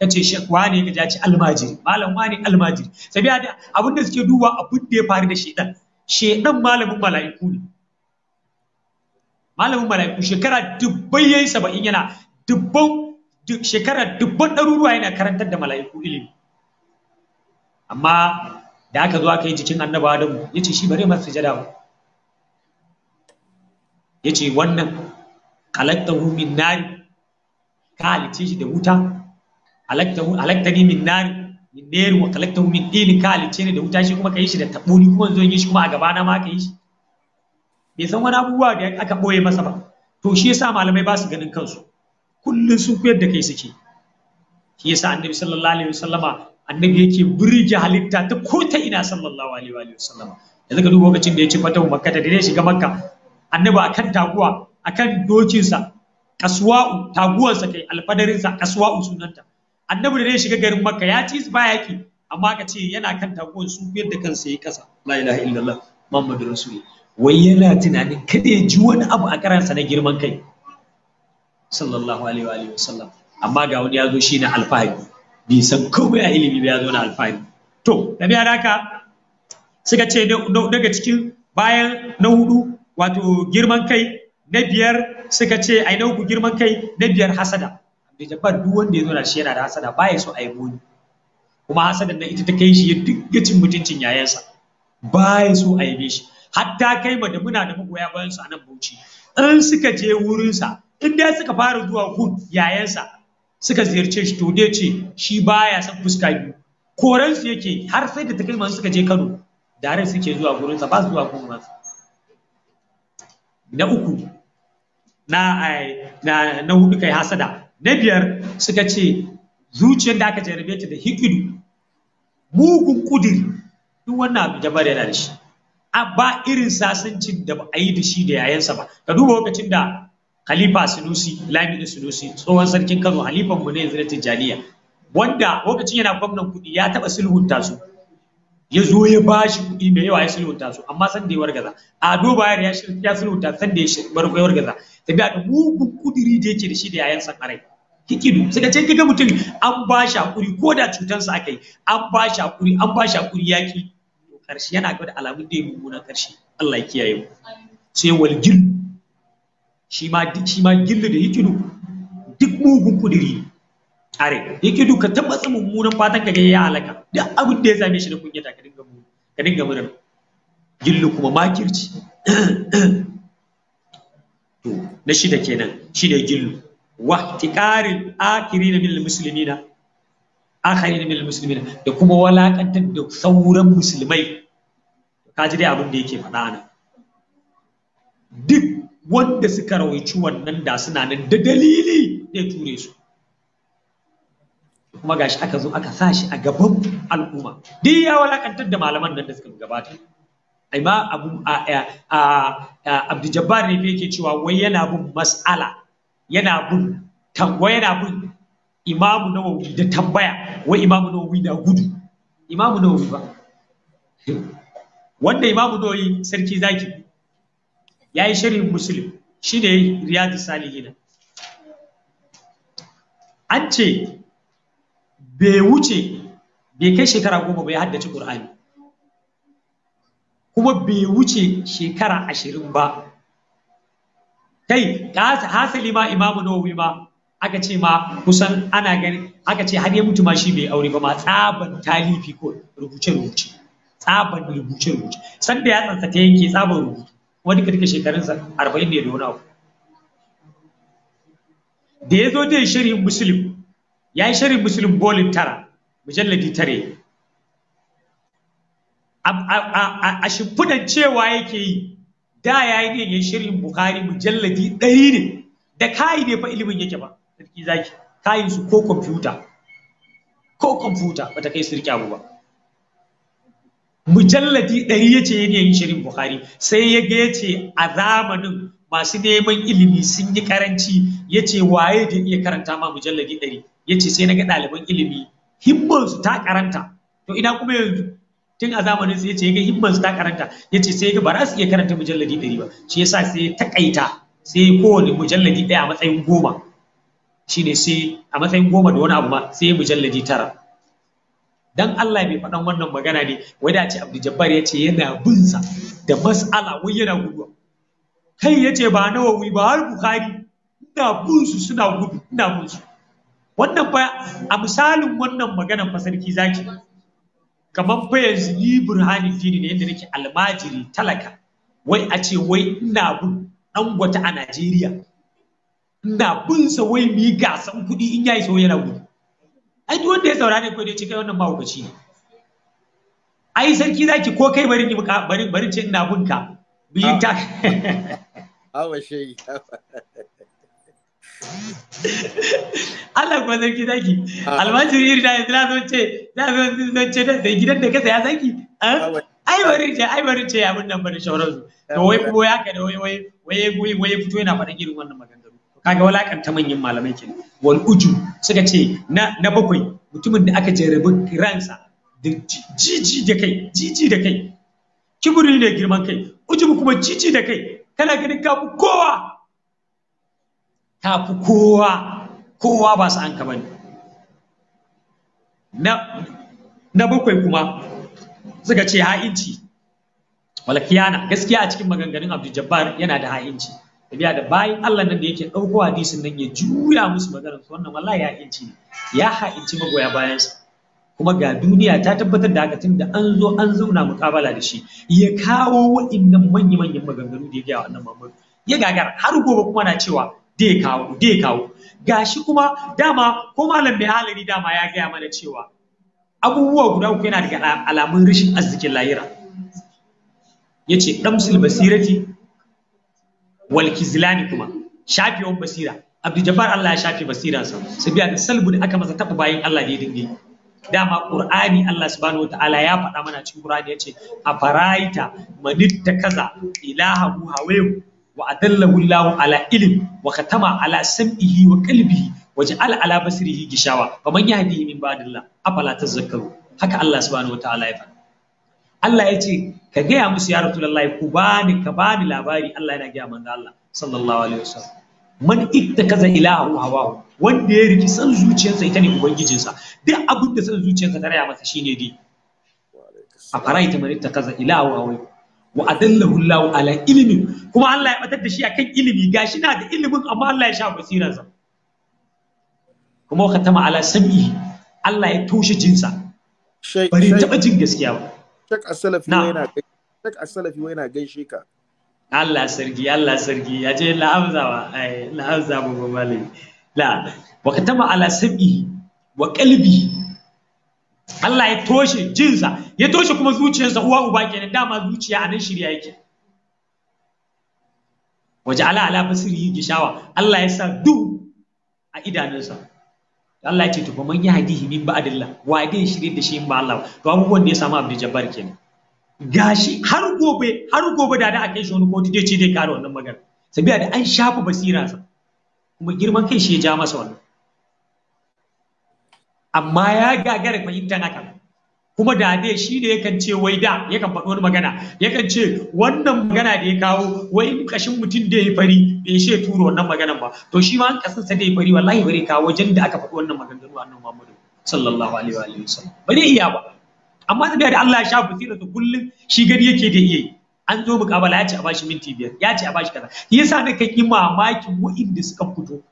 ka ce shekwa ne ka jaci almajiri malam wani almajiri sabiya da abin da suke duba abin da ya faru da shedan shedan malamin mala'iku ne malamin mala'iku shekara dubbai yayi saba'in yana dubban shekara dubban ɗaruruwa yana karantar da mala'iku ilimi amma da aka zo aka yi jikin annabi adamu ya ce shi bare masu sujada ba ya ce wannan kalaktahu min nari ka halice shi da wuta halaktani min nari min nari wa kalaktahu min dini ka halice ni da wuta shi kuma ka yi shi da taɓo ni kuma zo yi shi kuma a gaba na ma ka yi shi bai san wani abubuwa da aka ɓoye masa ba to shi yasa malamai ba su ganin kansu kullum sun koyar da kai suke shi yasa annabi sallallahu alaihi wasallama annabi yake burge halitta ta ko ta ina sallallahu alaihi wa sallam yanzu ka duba lokacin da ya ce makka da dai shiga makka annabi akan taguwa akan kaswa taguwar sa kai alfadarinsa kaswa'u sunanta annabi da dai shiga garin makka ya ci ba yaki amma ka ce yana kan taguwar su da kansa ya kasa la ilaha illallah muhammadur rasul wai yana tunanin kada ya ji wani abu a karansa na girman kai sallallahu alaihi wa sallam amma ga wani ya zo shi na alfahari Bin san komai a ilimi ya zo na alfahari to da da haka suka ce daga cikin bayan na hudu wato girman kai na biyar suka ce ai na uku girman kai na biyar hasada da jabbar duk wanda ya zo da shi yana da hasada baya so a yi boni kuma hasadan nan ita ta kai shi ya dinga cin mutuncin yayansa baya so a yabe shi hatta kai ma da muna da magoya bayan su a nan Bauchi in suka je wurinsa in dai suka fara zuwa gun yayansa suka ziyarce shi to dai ce shi baya san fuska biyu koran su yake har sai da takalman suka je Kano dare suke zuwa gurin sa ba su zuwa gurin sa na uku na eh, na na hudu kai hasada na biyar suka ce zuciyar da aka jarabe ta da hikidu mugun kudiri duk wannan abu jabar yana da shi a ba irin sasancin da ba a yi da shi da yayansa ba ka duba lokacin da Khalifa Sunusi Lamini Sunusi tsohon sarkin Kano halifan mu ne yanzu na Tijjaniya wanda lokacin yana gwamnan kuɗi ya taɓa sulhunta su ya zo ya ba shi kuɗi mai yawa ya sulhunta su amma san da ya wargaza Ado Bayar ya ya sulhunta san da ya wargaza tabiya da mugun kudiri da yake da shi da yayan san arai kikidu sai ce kiga mutum an ba shi hakuri ko da cutansa aka yi an ba shi hakuri an ba shi hakuri yaki karshe yana ga da alamun da ya na karshe Allah ya kiyaye mu sai waljil shi ma shi ma gillu da hikidu duk mugun kudiri are hikidu ka tabbata mummunan fatan ka ga ya halaka duk abin da ya same shi da ta ka dinga ka dinga murar gillu kuma makirci to na shida kenan shi da gillu wa tiqaril akirin min muslimina akhirin min muslimina da kuma walakantar da sauran musulmai ka ji dai abin da yake faɗa nan duk wanda suka rawaici wannan da suna nan da dalili ya ture su kuma gashi aka zo aka sa shi a gaban al'umma duk ya walakantar da malaman nan da suka gabata ai ma abu abdu jabbar ne yake cewa wai yana bin mas'ala yana bin tangwa yana bin imamu nawawi da tambaya wai imamu nawawi da gudu imamu nawawi ba wanda imamu nawawi sarki zaki ya yi shirin Musulun shi ne riyadu salihina an ce bai wuce bai kai shekara goma bai haddace ƙur'ani kuma bai wuce shekara ashirin ba kai hasali ma imamu nawawi ma aka ce ma kusan ana gani aka ce har ya mutu ma shi bai aure ba ma tsaban talifi ko rubuce rubuce tsaban rubuce rubuce sanda ya ta yanke tsaban rubutu wani ka duka shekarunsa arba'in ne da wani abu da ya zo dai shirin musulun ya yi shirin musulun bolin tara mujalladi tare a shimfidan cewa yake yi da ya yi ne ya shirin bukari mujalladi ɗari ne da kayi ne fa ilimin yake ba sarki zaki kayin su ko kwamfuta ko kwamfuta bata kai sirki abu ba mujalladi ɗari ya ce yana shirin Buhari, sai ya ga ya ce a zamanin masu neman ilimi sun yi karanci ya ce waye da iya karanta ma mujalladi ɗari ya ce sai na ga ɗaliban ilimi himmansu ta karanta to ina kuma yanzu tun a zamanin sai ya ce ya ga himmansu ta karanta ya ce sai ya ga ba za su iya karanta mujalladi ɗari ba shi sa sai ya takaita sai kowane mujalladi ɗaya a matsayin goma shine sai a matsayin goma da wani abu ma sai mujalladi tara dan Allah mai faɗan wannan magana ne wai da ce Abdul Jabbar ya ce yana bin da mas'ala wai yana guduwa kai ya ce ba nawa wi ba har Bukhari ina bin suna gudu ina bin wannan fa a misalin wannan maganan fa sarki zaki kamar fa yanzu ni burhanin dini ne yanda nake almajiri talaka wai a ce wai ina bin dan gwata a Najeriya ina bin sa wai mi gasan kuɗi in yayi so yana gudu ai duk wanda ya saurare ko dai cikin wannan mahaukaci ne ai sarki zaki ko kai bari ni bari bari ce ina bunka biyin ta [LAUGHS] awa shi Allah kuma sarki zaki almajiri iri da yanzu zo ce za a zo ce da gidan da ka ya zaki ai bari ce ai bari ce abin nan bari shauransu to wai kuma ya ka da wai wai wai wai fito yana faɗin irin wannan maganganu kaga walakanta manyan malamai kenan wal uju suka ce na na bakwai mutumin da aka jarabi ransa da jiji da kai jiji da kai kiburi ne girman kai uju kuma jiji da kai kana ganin ka fi kowa ka fi kowa kowa ba su an ka bane na na bakwai kuma suka ce ha'inci walakiyana gaskiya a cikin maganganun abdul jabbar yana da ha'inci tabiya da bayan Allah nan da yake ɗauko hadisin nan ya juya musu maganar su wannan wallahi ya inci ne ya ha'inci magoya bayansa kuma ga duniya ta tabbatar da haka tun da an zo an zauna muƙabala da shi ya kawo wa'innan manya-manyan maganganu da ya gaya wannan annan ya gagar har gobe kuma na cewa da ya kawo da ya kawo gashi kuma dama ko malam mai halari dama ya gaya mana cewa abubuwa guda uku yana daga alamun rashin arzikin lahira ya ce "ɗan basirati wal ni kuma shafewar basira abdu jabbar Allah ya shafe basiransa sabiya da salbu da aka masa taba bayan Allah da ya dinge dama qur'ani Allah subhanahu wataala ya faɗa mana cikin qur'ani yace afaraita manitta kaza ilahu hawayu wa adallahu Allah ala ilm wa khatama ala sam'ihi wa qalbihi wa ja'ala ala basirihi gishawa faman yahdihi min ba'dillah afala tazakkaru haka Allah subhanahu wataala ya faɗa Allah ya ce ka gaya musu ya Rasulullahi ku bani ka bani labari Allah yana gaya manzo Allah sallallahu alaihi wasallam man kaza ilahu hawahu wanda ya riki san zuciyarsa ita ne ubangijinsa duk abin da san zuciyarsa ta raya masa shine dai a faraita man kaza ilahu hawahu wa adallahu Allah ala ilmi kuma Allah ya batar da shi akan ilimi gashi na da ilimin amma Allah ya sha basirarsa kuma wa katama ala sam'ihi. Allah ya toshe jinsa bari taba jin gaskiya ba Shek Asalafi wai yana Shek Asalafi wai yana gaishe ka. Allah sarki Allah sarki ya ce la amza wa la ba mu malami la wa katama ala sabi wa qalbi Allah ya toshe jinsa ya toshe kuma zuciyarsa uwa uba kenan dama zuciya a nan shirya yake waje ala ala basiri gishawa Allah ya sa du a idanunsa Allah ya ce to man hadihi min ba'dillah wa dai shirye da shi in ba Allah to abubuwan da ya samu Abdul Jabbar kenan gashi har gobe har gobe da da a kai shi wani kotu dai ce dai kare wannan magana sabiya da an shafa basira sa kuma girman kai shi ya ja masa wannan amma ya gagara fahimtar haka kuma da ne shi ne yakan ce wai da yakan faɗi wani magana yakan ce wannan magana da ya kawo wai kashin mutum da ya fari bai shi ya turo wannan maganan ba to shi ma an kasan sa da ya fari wallahi bare kawo wajen da aka faɗi wannan maganganu annabi Muhammadu sallallahu alaihi wa alihi wasallam bare iya ba amma da da Allah ya sha basira to kullun shi gani yake da iya an zo mukabala ya ce a bashi minti biyar ya ce a bashi kaza yasa da yi mamakin wa'inda suka fito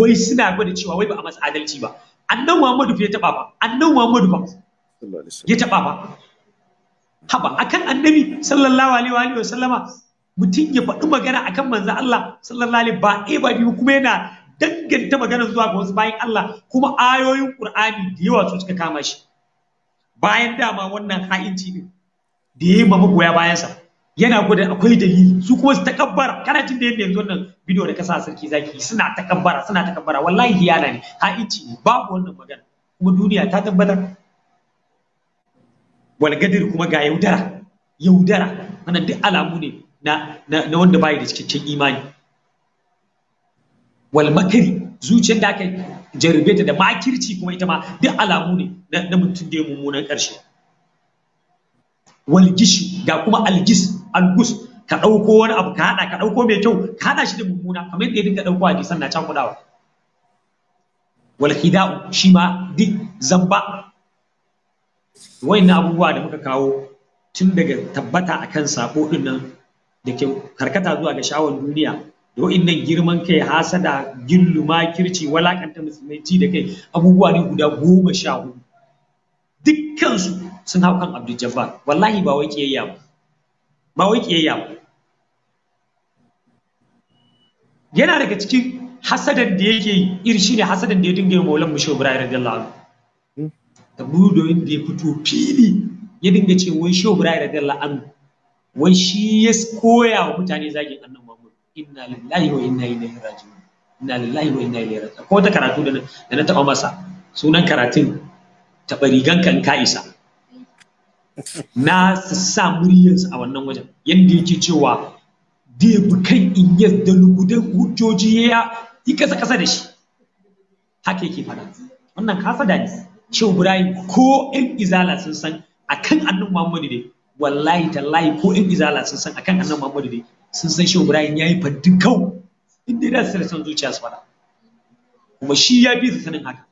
wai suna gwada cewa wai ba a masa adalci ba annan Muhammadu fa taba ba annan Muhammadu ba ya taɓa ba haba kan annabi sallallahu alaihi wa sallama mutum ya faɗi magana a kan manzan Allah sallallahu alaihi ba eh ba biyu kuma yana danganta maganar zuwa ga wasu bayan Allah kuma ayoyin ƙur'ani da yawa su suka kama shi bayan dama wannan ha'inci ne da yi ma magoya bayansa yana gwada akwai dalili su kuma su takabbara kana da yadda yanzu wannan bidiyo da kasa sarki zaki suna takabbara suna takabbara wallahi hiyana ne ha'inci ne babu wannan magana kuma duniya ta tabbatar walgadir kuma ga yaudara yaudara wannan duk alamu ne na na wanda bai da cikakken imani wal makri zuciyar da aka jarube ta da makirci kuma ita ma duk alamu ne na mutum da mummunan karshe wal gishi ga kuma algis algus ka ɗauko wani abu ka haɗa ka ɗauko mai kyau ka haɗa shi da mumuna, kamar yadda ya dinga ɗauko a gisan na kudawa wal khida'u shi ma duk zamba wayannan abubuwa da muka kawo tun daga tabbata akan sako ɗin nan da ke karkata zuwa ga shawon duniya da wayannan girman kai hasada gillu makirci walakanta musulmai ci da kai abubuwa ne guda goma sha hudu dukkansu sun hau kan Abdul Jabbar wallahi ba wai kiyayya ba ba wai kiyayya ba yana daga cikin hasadan da yake irshi iri hasadan da ya dinga yi maulan mushe Ibrahim radiyallahu anhu da mudoyin da ya fito fili ya dinga ce wai shehu da dalla an wai shi ya koya wa mutane zagin annabi muhammad inna lillahi wa inna ilaihi raji'un inna lillahi wa inna ilaihi raji'un ko ta karatu da na taɓa masa sunan karatun taɓa rigan kan ka'isa. na sa muryarsa a wannan wajen yadda yake cewa da bi kan in yadda lugudan hujjoji ya yi kasa kasa da shi haka yake faɗa wannan kasa da ne Shehu Ibrahim ko ƴan izala sun san a kan annan Muhammadu ne wallahi tallahi ko ƴan izala sun san a kan annan Muhammadu ne sun san Shehu ya yi faddin kau inda da su san zuciya su fara kuma shi ya fi su sanin haka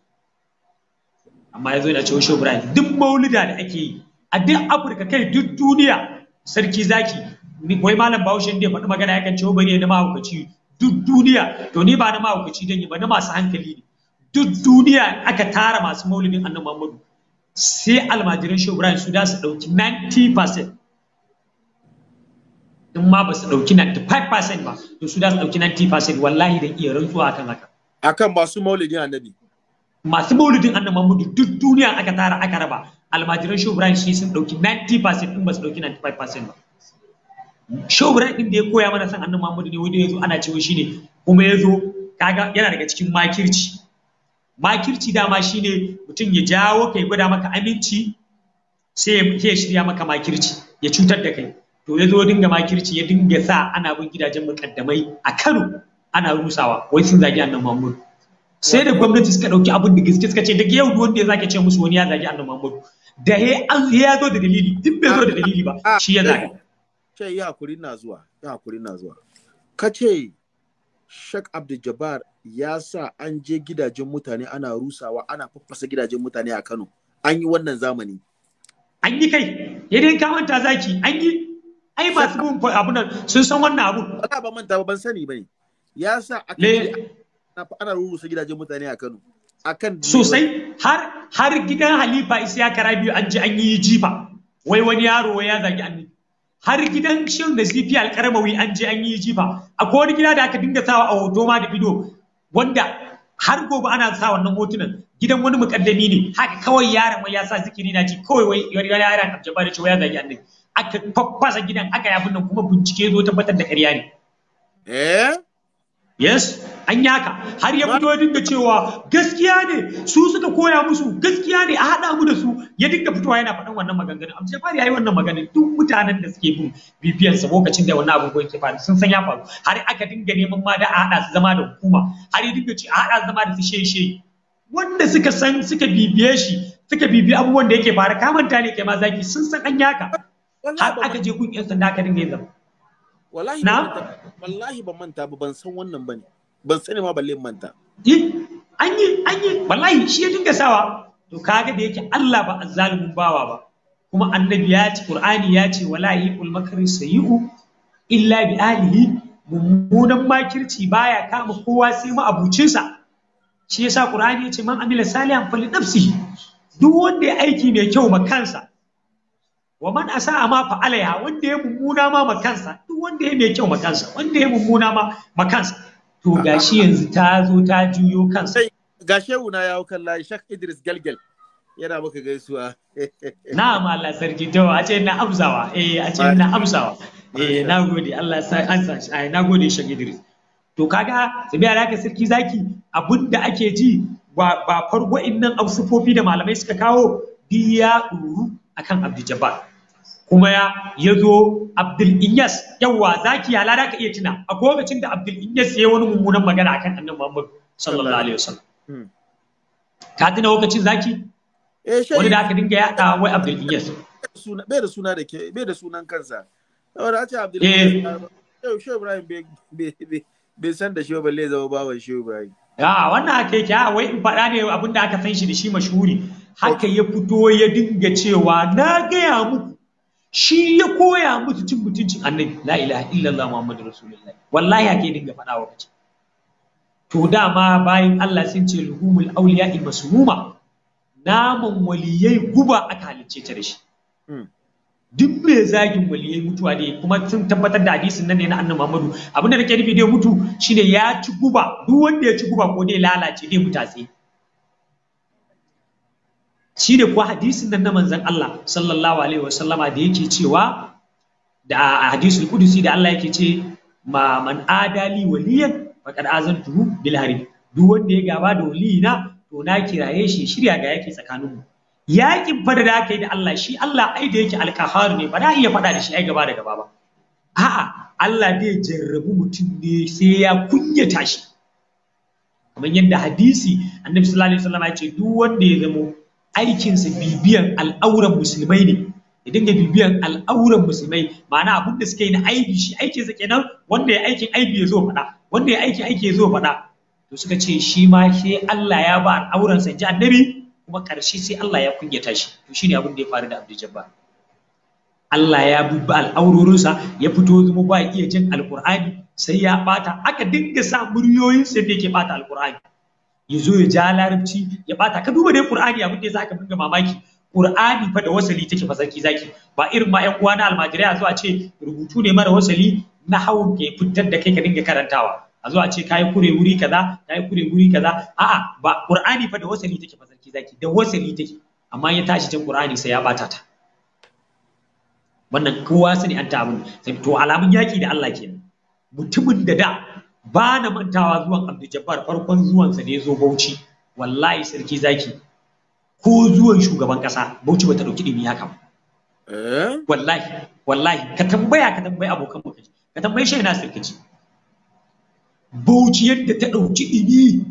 amma zo yana cewa Shehu Ibrahim duk maulida da ake yi a duk Afirka kai duk duniya sarki zaki wai malam Bahaushe ne faɗi magana yakan cewa bari na mahaukaci duk duniya to ni ba na mahaukaci don yi ba na masu hankali ne duk duniya aka tara masu maulidin annabi muhammadu sai almajiran shehu ibrahim su da su dauki 90% in ma ba su ɗauki 95% ba to su da su dauki 90% wallahi da iya rantsuwa akan haka akan masu maulidin annabi masu maulidin annabi muhammadu duk duniya aka tara aka raba almajiran shehu ibrahim shi sun ɗauki 90% in ba su ɗauki 95% ba shehu ibrahim din da ya koya mana san annabi muhammadu ne wanda yazo ana cewa shine kuma yazo kaga yana daga cikin makirci makirci dama shine mutum ya jawo kai gwada maka aminci sai ya shirya maka makirci ya cutar da kai to ya zo dinga makirci ya dinga sa ana bin gidajen mukaddamai a Kano ana rusawa wai sun zagi annan Muhammad sai da gwamnati suka dauki abin da gaske suka ce duk yau wanda ya zake ce musu wani ya zagi annan Muhammad da ya zo da dalili duk bai zo da dalili ba shi ya zagi ce ya hakuri na zuwa ya hakuri na zuwa kace Sheikh Abdul Jabbar ya sa an je gidajen mutane ana rusawa ana faffasa gidajen mutane a Kano an yi wannan zamani an yi kai yadda ka manta zaki an yi ai ba su bin abun nan sun san wannan abun ba ba manta ba ban sani bane ya sa a ana rusa gidajen mutane a Kano akan sosai har har gidan Halifa Isiya Karabiyo an je an yi jifa wai wani yaro ya zagi an har gidan shin da zifi alkarmawi an je an yi jifa akwai wani gida da aka dinga sawa a hoto ma da bido wanda har gobe ana sa wannan hotunan gidan wani mukaddami ne haka kawai yaron wai ya sa zikiri na ci kawai wai yaron jaba da cewa ya zagi annabi aka faffasa gidan aka yafin nan kuma bincike zo tabbatar da ƙarya ne eh yes an yaka har ya fito ya dinga cewa gaskiya ne su suka koya musu gaskiya ne a haɗa mu da su ya dinga fitowa yana faɗan wannan maganganun amma jafari yayi wannan maganin duk mutanen da suke bin bibiyan sa lokacin da wannan abubuwan ke faru sun san ya faru har aka dinga neman ma da a haɗa su zama da hukuma har ya dinga ce a haɗa su zama da su sheshe wanda suka san suka bibiye shi suka bibi abubuwan da yake faru kamanta ne ke ma zaki sun san an yaka har aka je kun sanda aka dinga yin zama wallahi na ban manta ba ban san wannan bane ban sani ma balle manta an yi an yi wallahi shi ya dinga sawa to kaga da yake Allah ba azzalimin bawa ba kuma annabi ya ce qur'ani ya ce wala yaqul makri sayyi'u illa bi alihi mummunan makirci baya kama kowa sai ma abucinsa shi yasa qur'ani ya ce man amila salihan fali nafsi duk wanda ya aiki mai kyau ma kansa wa man asa ma fa alaiha wanda ya mummuna ma ma kansa wanda ya mai kyau makansa wanda ya mummuna ma makansa to gashi yanzu ta zo ta juyo kansa ga shehu na yawo kan layi shak idris galgal yana maka gaisuwa [LAUGHS] Na Allah sarki to a ce na amsawa eh a ce na amsawa eh gode Allah sa an sa na gode shak idris to kaga biya da sarki zaki abinda ake ji ba ba farko innan ausufofi da malamai suka kawo biya uru akan abdu jabbar kuma ya ya zo Abdul Inyas yawa zaki ya lada ka iya tuna a lokacin da Abdul Inyas ya wani mummunan magana akan Annabi Muhammad sallallahu alaihi wasallam hmm. ka tuna lokacin zaki eh, wani da aka dinga yada wai Abdul Inyas bai da suna da ke bai da sunan kansa saboda a ce Abdul eh. Inyas Shehu Ibrahim bai san da Shehu balle zama bawan Shehu Ibrahim a wannan ake kya wai in faɗa ne abin da aka san shi da shi mashhuri haka ya fito ya dinga cewa na gaya muku shi ya koya musu cin mutuncin annabi la ilaha illallah muhammadu rasulullah wallahi hake dinga faɗawa wa kace to dama bayan Allah sun ce luhumul awliya masmuma naman waliyai guba aka halicce ta da shi hmm. duk mai zagin waliyai mutuwa ne kuma sun tabbatar da hadisin nan ne na annabi Muhammadu abinda nake nufi dai mutu shine ya ci guba duk wanda ya ci guba ko dai lalace dai mutatse shi da kuwa hadisin nan na manzan Allah sallallahu alaihi wasallama da yake cewa da hadisul kudusi da Allah yake ce ma man adali waliyan faqad azantuhu bil Bilhari, duk wanda ya gaba da na to na kiraye shi shirya ga yake tsakaninmu Yaƙin fada da aka yi da Allah shi Allah ai da yake alkahar ne ba da iya faɗa da shi ai gaba da gaba ba a'a Allah bai jarrabu mutum ne sai ya kunyata shi kamar yadda hadisi annabi sallallahu alaihi wasallam ya ce duk wanda ya zamo aikinsa bibiyan al'auran musulmai ne ya dinga bibiyan al'auran musulmai ma'ana abin da suka yi na aibi shi aikinsa kenan wanda ya aikin aibi ya zo faɗa wanda ya aikin aiki ya zo faɗa to suka ce shi ma sai Allah ya ba al'auransa ji annabi kuma karshe sai Allah ya kunyata shi to shine abin da ya faru da Abdul Jabbar Allah ya bubba al'aurorinsa ya fito zama ba iya jin alkur'ani sai ya bata aka dinga sa muryoyinsa da yake bata alkur'ani ya zo ya ja larabci ya bata ka duba dai qur'ani abin da ya zaka dinga mamaki qur'ani fa da wasali take fa zaki zaki ba irin ma yan uwa na almajirai a zo a ce rubutu ne mara wasali na hau ke fitar da kai ka dinga karantawa a zo a ce kai kure wuri kaza kai kure wuri kaza a'a ba qur'ani fa da wasali take fa zaki zaki da wasali take amma ya tashi ta qur'ani sai ya bata ta wannan kowa sani an ta abin to alamun yaki da Allah kenan mutumin da da ba na mantawa zuwan abdu jabbar farkon zuwansa ne ya zo bauchi wallahi sarki zaki ko zuwan shugaban kasa bauchi bata dauki dimi haka ba eh? wallahi wallahi ka tambaya ka tambayi abokan mu ka tambayi shehu na sarkaci bauchi yadda ta dauki dimi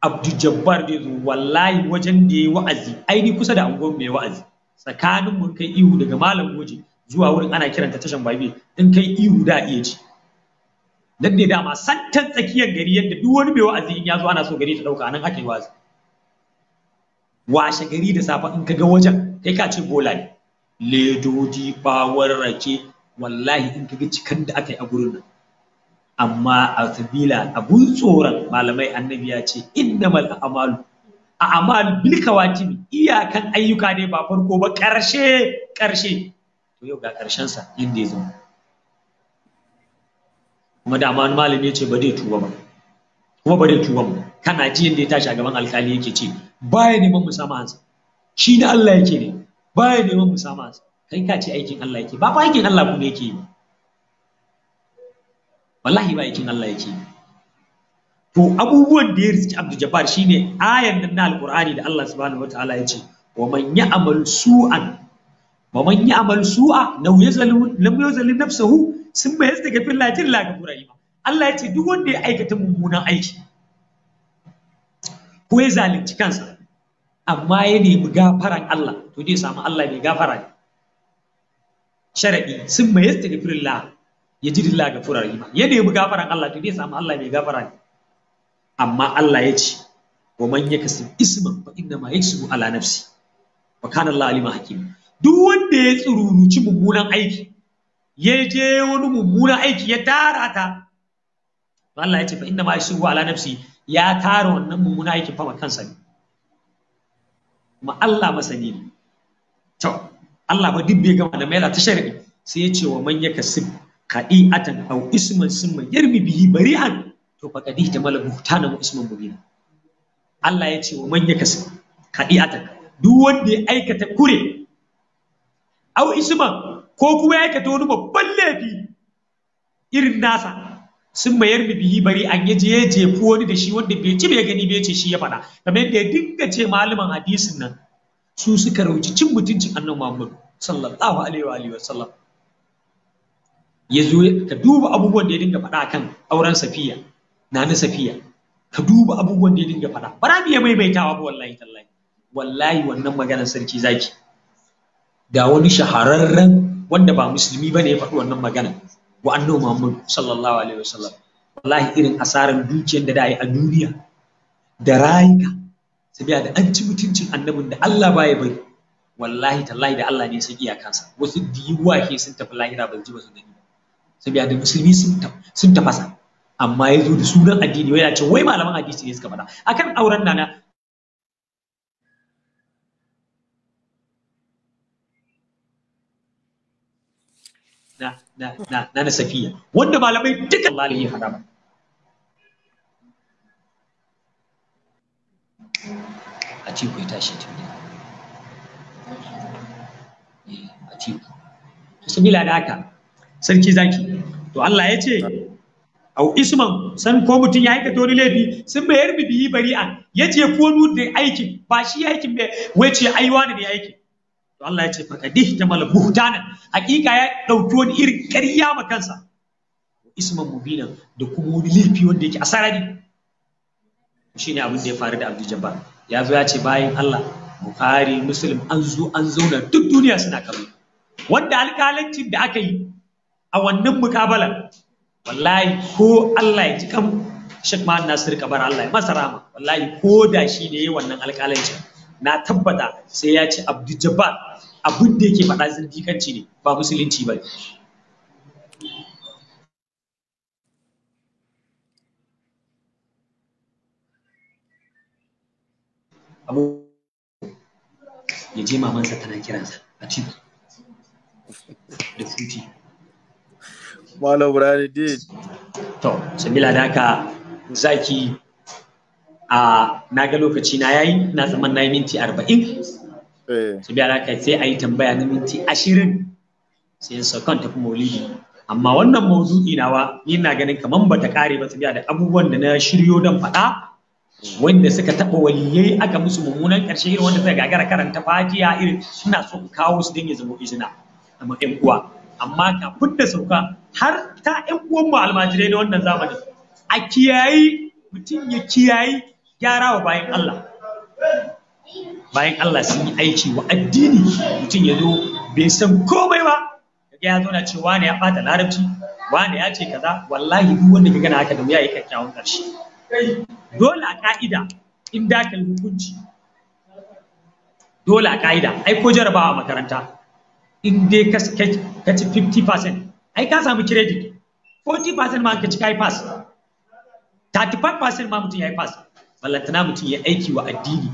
abdu jabbar da zo wallahi wajen da ya wa'azi aini kusa da angon mai wa'azi tsakanin mun kai ihu daga malam goje zuwa wurin ana kiranta tashan babi din kai ihu da iya ci nan ne dama santan tsakiyar gari yadda duk wani mai wa'azi ya zo ana so gari ta dauka nan ake wazi washe gari da safa in ka ga wajen kai ka ce bola ne ledoji bawar rake wallahi in ka ga cikan da aka yi a gurin nan amma a sabila abun tsoron malamai annabi ya ce innamal a'malu a amal bil kawatimi iyakan ayyuka ne ba farko ba karshe karshe to yau ga karshen sa yadda ya zama kuma dama wani malami ce ba zai tuba ba kuma ba zai tuba ba kana ji yadda ya tashi a gaban alkali yake ce baya neman mu samu hansa shi na Allah yake ne baya neman mu samu hansa kai ka ce aikin Allah yake ba fa aikin Allah kuma yake yi wallahi ba aikin Allah yake yi to abubuwan da ya riski Abdul Jabbar shine ayan nan na Alqur'ani da Allah subhanahu wataala ya ce wa man ya'mal su'an wa man ya'mal su'a law yazalu lam yazalu nafsuhu sun bai yasta ga filla la ga burayima Allah ya ce duk wanda ya aikata mummunan aiki ko ya zalunci kansa amma ya nemi gafaran Allah to dai samu Allah mai gafara ne sharadi sun bai yasta ga filla ya ji dilla ga burayima ya nemi gafaran Allah to dai samu Allah mai gafara ne amma Allah ya ce wa man yakasib isman fa inna ma yaksubu ala nafsi wa kana Allah alima hakim duk wanda ya tsururuci mummunan aiki ya je wani mummunan aiki ya tara ta Allah ya ce fa inna ma yasiru ala nafsi ya tara wannan mummunan aikin fa kansa ne kuma Allah sani ne to Allah ba dibbe bai gama da maila ta shari'i sai ya ce wa man yakasib atan aw isman summa yarmi bihi bari'an to fa kadi ta mala buhtana mu isman mubina Allah ya ce wa man yakasib atan. duk wanda ya aikata kure au isman ko kuma ya ta wani babban laifi irin nasa sun mayar mi bihi bari an ya je jefu wani da shi wanda bai ci bai gani bai ce shi ya faɗa kamar yadda ya dinga ce malaman hadisin nan su suka rauci cin mutuncin annabi Muhammad sallallahu alaihi wa alihi wa sallam ya zo ka duba abubuwan da ya dinga faɗa kan auren Safiya nani Safiya ka duba abubuwan da ya dinga faɗa bara za mu iya maimaitawa ba wallahi tallahi wallahi wannan maganar sarki zaki ga wani shahararren wanda ba musulmi bane ya faɗi wannan magana wa annabi Muhammad sallallahu alaihi wasallam wallahi irin asaran dukiyar da da yi a duniya da rayuka sabiya da an ci mutuncin annabin da Allah ba ya bari wallahi tallahi da Allah ne ya sai iyakansa wasu ke sun tafi lahira ban ji ba su gani ba sabiya da musulmi sun tafasa amma ya zo da sunan addini wai ce wai malaman hadisi ne suka faɗa akan auren nana na na na safiya wanda malamai duka Allah ya hada a ce ku tashi tuni eh, a ce ku bila da haka sarki zaki to Allah ya ce au isman san ko mutum ya aikata wani laifi sun bayar bibiyi bari'an ya ce ko da aikin ba shi aikin bai wace aiwa ne aikin to Allah ya ce fakadih jamal buhtanan hakika ya dauki wani irin ƙarya ma kansa isman mubina da kuma wani lifi wanda yake asarari shine abin da ya faru da Abdul Jabbar ya zo ya ce bayan Allah Bukhari Muslim an zo an zauna duk duniya suna kallo wanda alƙalancin da aka yi a wannan mukabalan wallahi ko Allah ya ji kan Sheikh Mahmud Nasir Kabar Allah ya masa wallahi ko da shi ne wannan alƙalancin na tabbata sai ya ci abdu jabbar abin da yake faɗa zindikanci ne ba musulunci ba abu ya je sa tana kiransa a ci da futi malam burhani din to sabila da haka zaki a na ga lokaci na yayi na zaman na yi minti arba'in eh. su biya da kai sai a yi tambaya na minti ashirin sai saukan tafi maulidi amma wannan mawdu'i nawa ni na ganin kamar bata kare ba su biya da abubuwan da na shiryo don faɗa wanda suka taɓa waliyai aka musu mummunan ƙarshe irin wanda suka gagara karanta fajiya irin suna so kawo su dan zama izina amma ƴan uwa amma kafin da sauka har ta ƴan uwan mu almajirai na wannan zamanin a kiyayi mutum ya kiyayi gyara wa bayan Allah bayan Allah sun yi aiki wa addini mutum ya zo bai san komai ba kaga ya zo na ce wani ya bata larabci wani ya ce kaza wallahi duk wanda ka gana haka da ya yi kyakkyawan ƙarshe dole a ka'ida in dakal hukunci dole a ka'ida ai ko jarabawa a makaranta in dai ka ci 50% ai ka samu credit 40% ma ka ci kai pass 35% ma mutum ya yi pass ballantana mutum ya aiki wa addini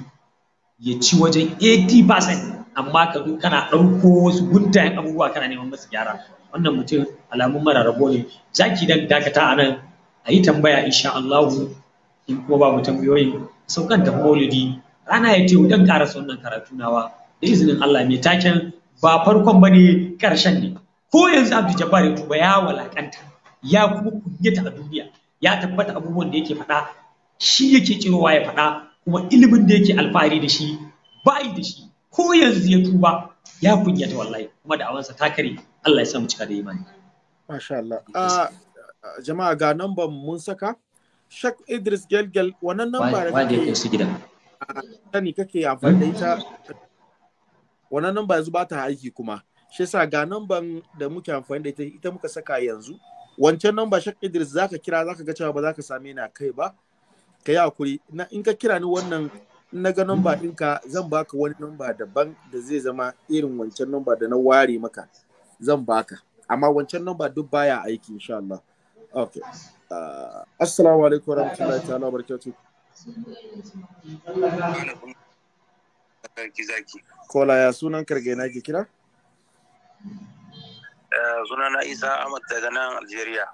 ya ci wajen 80% amma ka kana ɗauko wasu guntayen abubuwa kana neman masu gyara wannan mutum alamun mara rabo ne zaki dan dakata a nan a yi tambaya insha Allah in kuma babu tambayoyi saukan ta maulidi rana ya ce dan karasa wannan karatu nawa da izinin Allah mai taken ba farkon bane karshen ne ko yanzu Abdul Jabbar ya tuba ya walakanta ya kuma kunyata a duniya ya tabbata abubuwan da yake faɗa shi yake kirowa ya faɗa kuma ilimin da yake alfahari da shi bayi da shi ko yanzu ya tuba ya kunyata wallahi kuma da awansa ta kare Allah ya sa mu cika da imani masha Allah ah, jama'a ga namba mun saka Shak Idris Gelgel wannan namba da yake su gidan sani ah, kake amfani da ita wannan namba yanzu ba ta aiki kuma shi yasa ga namban da muke amfani da ita ita muka saka yanzu wancan namba Shak Idris zaka kira zaka ga cewa ba zaka same ni a kai ba ka yi hakuri na in ka kira ni wannan na ga number ɗinka zan baka wani number daban da zai zama irin wancan number da na ware maka zan baka amma wancan number duk baya aiki insha Allah okay uh, assalamu alaikum warahmatullahi ta'ala barakatuh kola ya sunan karge na ke kira eh, sunana isa ahmad daga nan algeria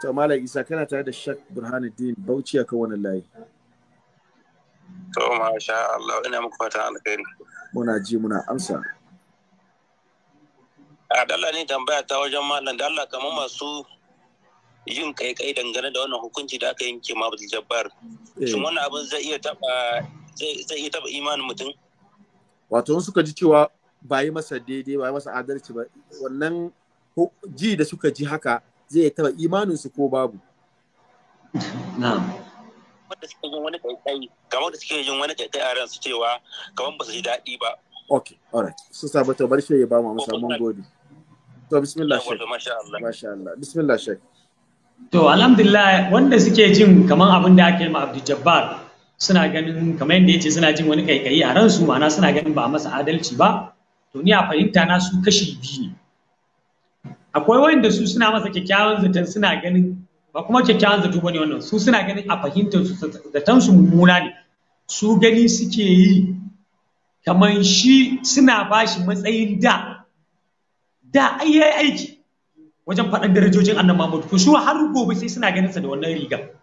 to malam isa kana tare da shak burhanuddin bauchi akan wannan layi to masha Allah ina muku fatan alkhairi muna ji muna amsa ah, a dalla ne tambaya ta wajen malam da Allah kamar masu yin kaikai dangane da wannan hukunci da aka yanke ma Abdul Jabbar eh. shin wannan abin zai iya taba zai iya taba imanin mutum wato suka ji cewa ba yi masa daidai ba yi masa adalci ba wannan ji da suka ji haka zai taɓa imaninsu ko babu. Wanda suke yin wani kaikai, kamar da suke yin wani kaikai a ransu cewa kamar ba su ji daɗi ba. Ok, alright. Su sabo to bar shi ya ba mu amsa mun gode. To bismillah shek. Masha Allah. Bismillah shek. To alhamdulillah wanda suke jin kamar abin da ake ma Abdul Jabbar suna ganin kamar yadda yace suna jin wani kaikayi a ransu ma'ana suna ganin ba a masa adalci ba. To ni a fahimta na su kashi biyu ne. akwai wanda su suna masa kyakkyawan zaton suna ganin ba kuma kyakkyawan zato bane wannan su suna ganin a fahimtar su zaton su mummuna ne su gani suke yi kamar shi suna bashi matsayin da da ai aiki wajen faɗan darajojin annan Ko shi har gobe sai suna ganin sa da wannan riga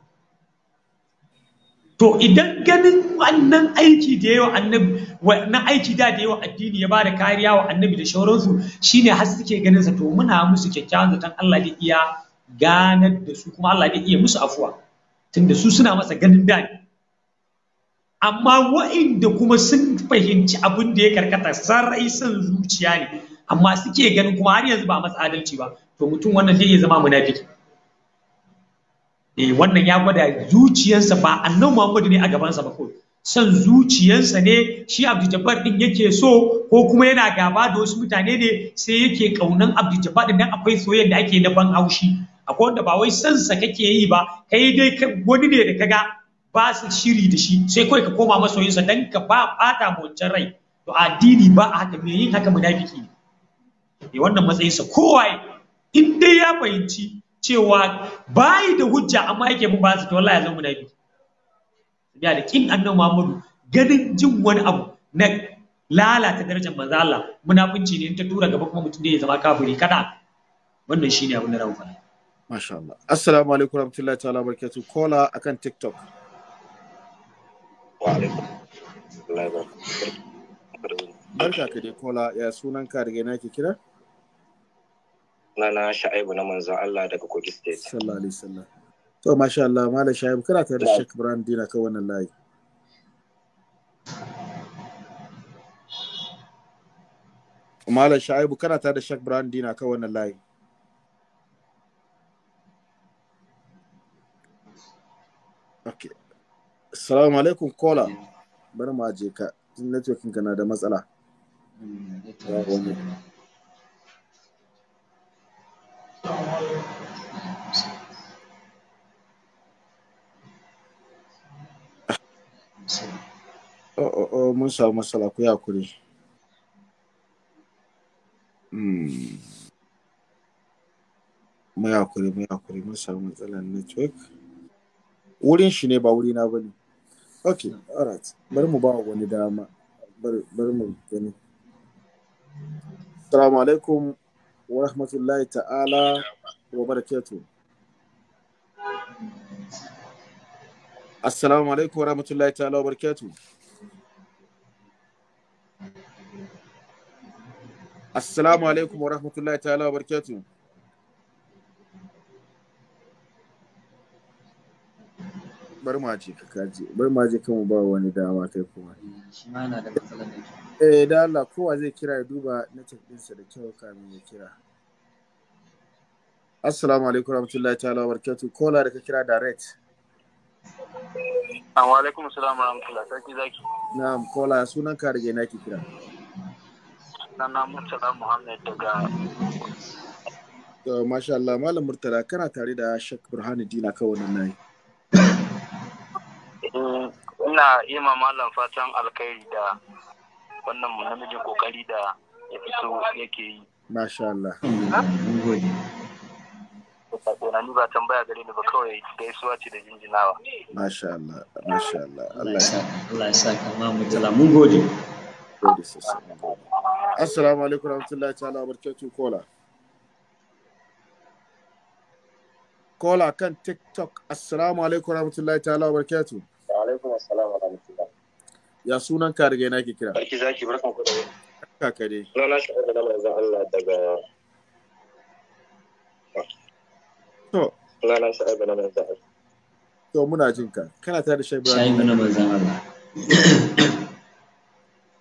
to idan ganin wannan aiki da yawa annabi wannan aiki da da yawa addini ya bada kariya wa annabi da shauransu shine har suke ganin sa to muna musu kyakkyawan zaton Allah zai iya ganar da su kuma Allah zai iya musu afuwa tunda su suna masa ganin da amma wa'inda kuma sun fahimci abin da ya karkata sarai son zuciya ne amma suke ganin kuma har yanzu ba masa adalci ba to mutum wannan zai iya zama munafiki eh wannan ya gwada zuciyarsa ba annabi Muhammadu ne a gabansa ba ko son zuciyarsa ne shi Abdul Jabbar din yake so ko kuma yana gaba da wasu mutane ne sai yake kaunan Abdul Jabbar din akwai soyayya da ake daban haushi akwai wanda ba wai sansa sa kake yi ba kai dai wani ne da kaga ba su shiri da shi sai kawai ka koma masoyinsa dan ka ba fata wancan rai to addini ba a haka me yin haka munafiki ne eh, wannan matsayinsa kowa in dai ya fahimci cewa bayi da hujja amma yake mun ba su to wallahi yanzu zama munafiki ya da kin annabi Muhammadu ganin jin wani abu na lalata darajar manzo Allah munafunci ne in ta tura gaba kuma mutum da ya zama kafiri kada wannan shine abin da na faɗa masha Allah assalamu alaikum warahmatullahi ta'ala barkatu kola akan tiktok wa alaikum barka ka dai kola ya sunan ka daga ina ke kira na na sha'ibu na manzan Allah daga Kogi State. Sallallahu alaihi wasallam. To masha Allah Malam Sha'ibu kana tare da Sheikh Ibrahim Dina kan wannan layi. Malam Sha'ibu kana tare da Sheikh Ibrahim Dina kan wannan layi. Okay. Assalamu alaikum kola. Bari ma je ka. Networking ka na da matsala. Mm, Oh, oh, oh, mun samu matsala ku ya kure. Hmm. Mu ya kure, mun samu matsalar network. Wurin shi ne ba wuri na bane. Ok, alright. Bari mu ba wani dama. Bari mu gani. Assalamu alaikum wa rahmatullahi ta'ala wa barakatuh assalamu alaikum wa rahmatullahi ta'ala wa barakatuh assalamu alaikum wa rahmatullahi ta'ala wa barakatuh bar ma ka kaji bar kan ba wani dama kai kuma eh, shi ma yana da matsalar ne eh da Allah kowa zai kira ya duba na network sa da kyau kamin ya kira Assalamu alaikum warahmatullahi ta'ala barkatu. kola da ka kira direct wa alaikum salam warahmatullahi sarki zaki Na'am kola sunan ka rage naki kira Sunana Murtala Muhammad daga To masha Allah Malam Murtala kana tare da shek Burhanuddin akan wannan nayi Mm, ina yi malam fatan alkhairi da wannan namijin kokari da ya fito yake yi masha Allah tunani ba tambaya gare ni ba kawai gaisuwa ce da jinjinawa. Masha Allah, masha Allah. Allah ya sa kama mutala mun gode. Gode sosai. Assalamu alaikum warahmatullahi ta'ala barkatu kola. Kola kan TikTok. Assalamu alaikum warahmatullahi ta'ala barkatu. alaikum ya sunan ka riga na ke kira barki zaki barkan ku da dai na na da Allah daga to na na da Allah to muna jin ka kana tare da na manzon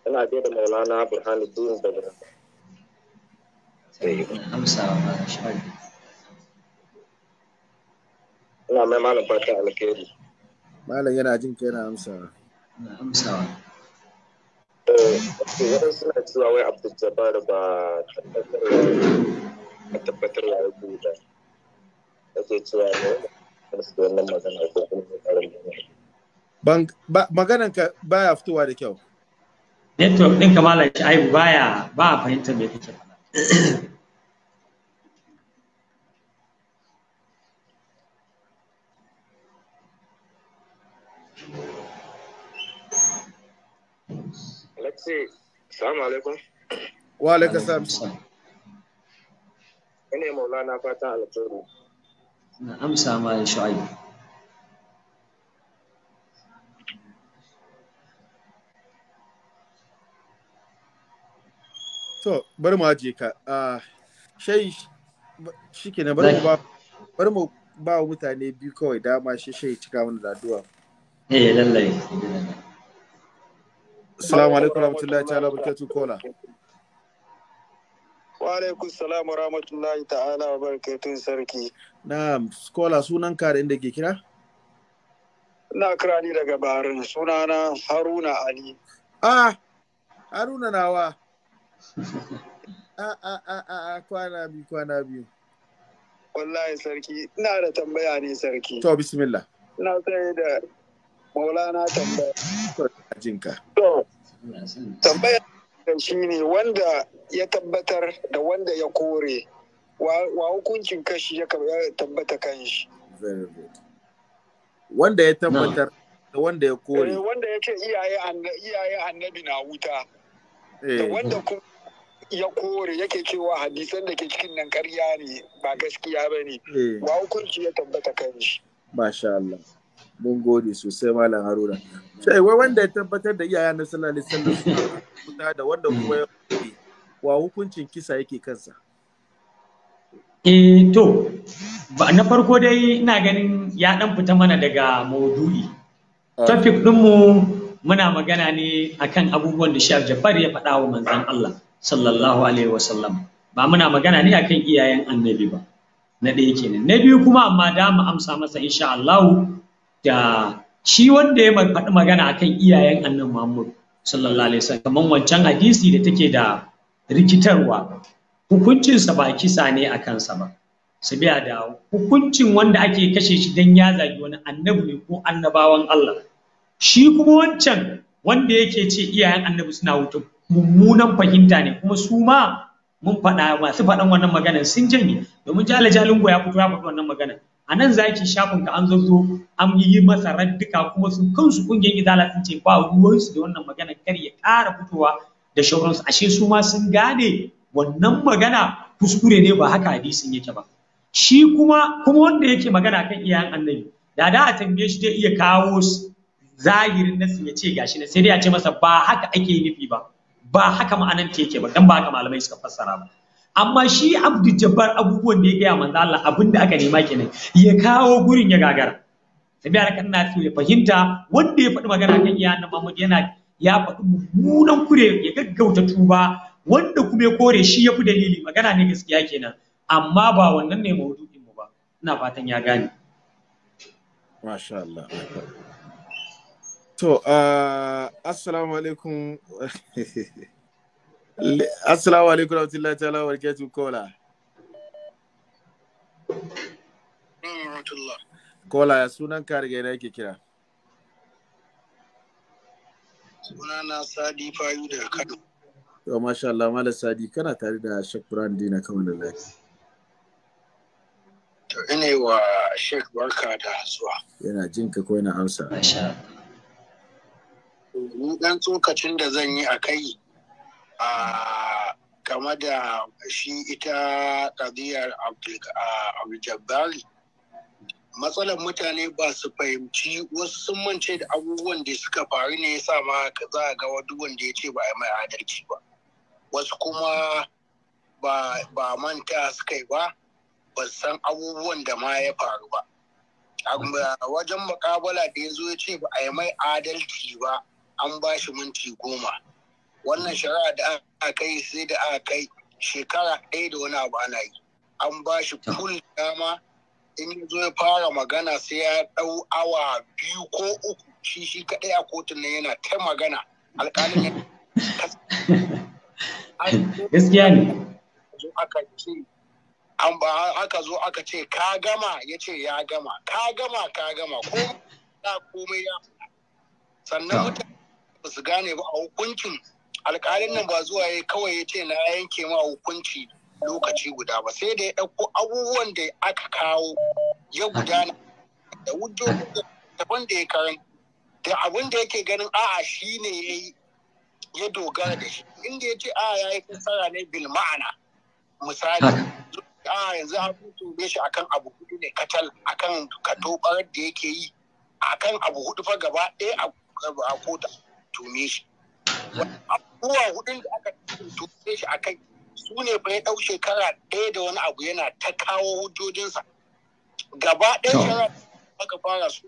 Allah ina da maulana daga ina mai malam fata alkhairi malam yana jin ka yana amsawa amsawa eh, waɗansu suna cewa wai abdul jabbar ba a tabbatar da yi da ake cewa ne wannan magana ko kuma ƙarin magana maganan ka baya fitowa da kyau network ɗin malam shi ai baya ba a fahimtar me kake faɗa ce salamu alaikum wa alaika salam ina maulana fata alƙaru na amsa ma ya shu'ayi to bari mu aje ka ah, shai ke na bari mu ba mutane biyu kawai dama shi shai cika mana da addu'a eh lallai Assalamu alaikum warahmatullahi ta'ala barakatuh kola. Wa alaikum salam wa rahmatullahi ta'ala wa barakatuh sarki. Na'am, kola sunan ka da inda ke kira? Ina kira ni daga Barin, sunana Haruna Ali. Ah, Haruna nawa. Ah, ah, ah, ah, ah, kwana biyu, kwana biyu. Wallahi sarki, ina da tambaya ne sarki. To, bismillah. Ina sai da maulana tambaya. jinka. To, tambayar da shi ne wanda ya tabbatar da wanda ya kore wa hukuncin kashi ya tabbata kan shi wanda ya tabbatar da wanda ya kore eh, wanda ya ce iyaye annabi na wuta da eh. wanda kuma ya kore yake cewa hadisan da ke cikin nan karya ne ba gaskiya ba ne eh. wa hukunci ya tabbata kan shi masha Allah mun gode sosai malam haruna sai wai wanda ya tabbatar da iyayen na sallallahu alaihi wasallam da wanda kuma ya wa hukuncin kisa yake kansa eh to na farko dai ina ganin ya dan fita mana daga maudu'i ah. topic mu muna magana ne akan abubuwan da Sheikh Jafar ya faɗa wa manzon Allah sallallahu alaihi wasallam ba muna magana ne akan iyayen annabi ba na ɗaya kenan na biyu kuma amma da mu amsa masa insha Allah da shi wanda ya faɗi magana akan iyayen annan Muhammad sallallahu alaihi wasallam kaman wancan hadisi da take da rikitarwa hukuncinsa ba kisa ne a kansa ba sabiya da hukuncin wanda ake kashe shi dan ya zagi wani annabi ne ko annabawan Allah shi kuma wancan wanda yake ce iyayen annabi suna wuto mummunan fahimta ne kuma su ma mun faɗa masu faɗan wannan maganar sun janye domin jala jalingo ya fito ya faɗi wannan maganar a nan zaki shafin ka an zazzo an yi masa raddika kuma su kansu kungiyar idala sun ce ba ruwansu da wannan magana kar ya ƙara fitowa da shauransu ashe su ma sun gane wannan magana kuskure ne ba haka hadisin yake ba shi kuma kuma wanda yake magana kan iyayen annabi da da a tambaye shi zai iya kawo zahirin nasu ya ce gashi na sai dai a ce masa ba haka ake nufi ba ba haka ma'anar yake ba dan ba haka malamai suka fassara ba amma shi abdu jabbar abubuwan da ya gaya manzo Allah abin da aka nema kenan ya kawo gurin ya gagara tabi harkar na nasu ya fahimta wanda ya faɗi magana kan iya annabi Muhammad yana ya faɗi mummunan kure ya gaggauta tuba wanda kuma ya kore shi ya fi dalili magana ne gaskiya kenan amma ba wannan ne maudu'in mu ba ina fatan ya gane masha Allah to ah, assalamu alaikum [LAUGHS] assalamu alaikum rahmatullahi ta'ala wa barakatuh kola kola ya sunan ka daga yake kira sunana sadi fayu daga kano yau masha Allah malam sadi kana tare da shek brandi na kan wannan lafi to ina wa shek barka da zuwa yana jinka ko yana amsa ni dan tsokacin da zan yi a kai a game da shi ita ƙadiyar abdul matsalar mutane ba su fahimci wasu sun mance da abubuwan da suka faru ne yasa ma za a ga wadu wanda ya ce ba a mai adalci ba wasu kuma ba manta suka yi ba ba san abubuwan da ma ya faru ba wajen makabala da ya zo ya ce ba a yi mai adalci ba an ba shi minti goma wannan shari'a da aka kai sai da aka kai shekara ɗaya da wani abu ana yi an ba shi kul dama in zo ya fara magana sai ya ɗau awa biyu ko uku shi shi kaɗai a kotun nan yana ta magana alƙalin ya [LAUGHS] gaskiya ne aka zo aka ce ka gama ya ce ya gama ka gama ka gama ko komai ya sannan mutane ba su gane ba a hukuncin alƙalin nan ba zuwa ya kawai ya ce na yanke ma hukunci lokaci guda ba sai da ya ɗauko abubuwan da aka kawo ya gudana da wujojin da ya karanta da abin da yake ganin a'a shi ne ya dogara da shi inda ya ce a ya yi fassara ne bil ma'ana misali a yanzu an tuntube shi akan abu hudu ne katal akan katobar da yake yi akan abu hudu fa gaba ɗaya a kota tume shi abubuwa hudun da aka tuke shi a kai su ne fa ya ɗau shekara ɗaya da wani abu yana ta kawo hujjojinsa gaba ɗaya shara aka fara su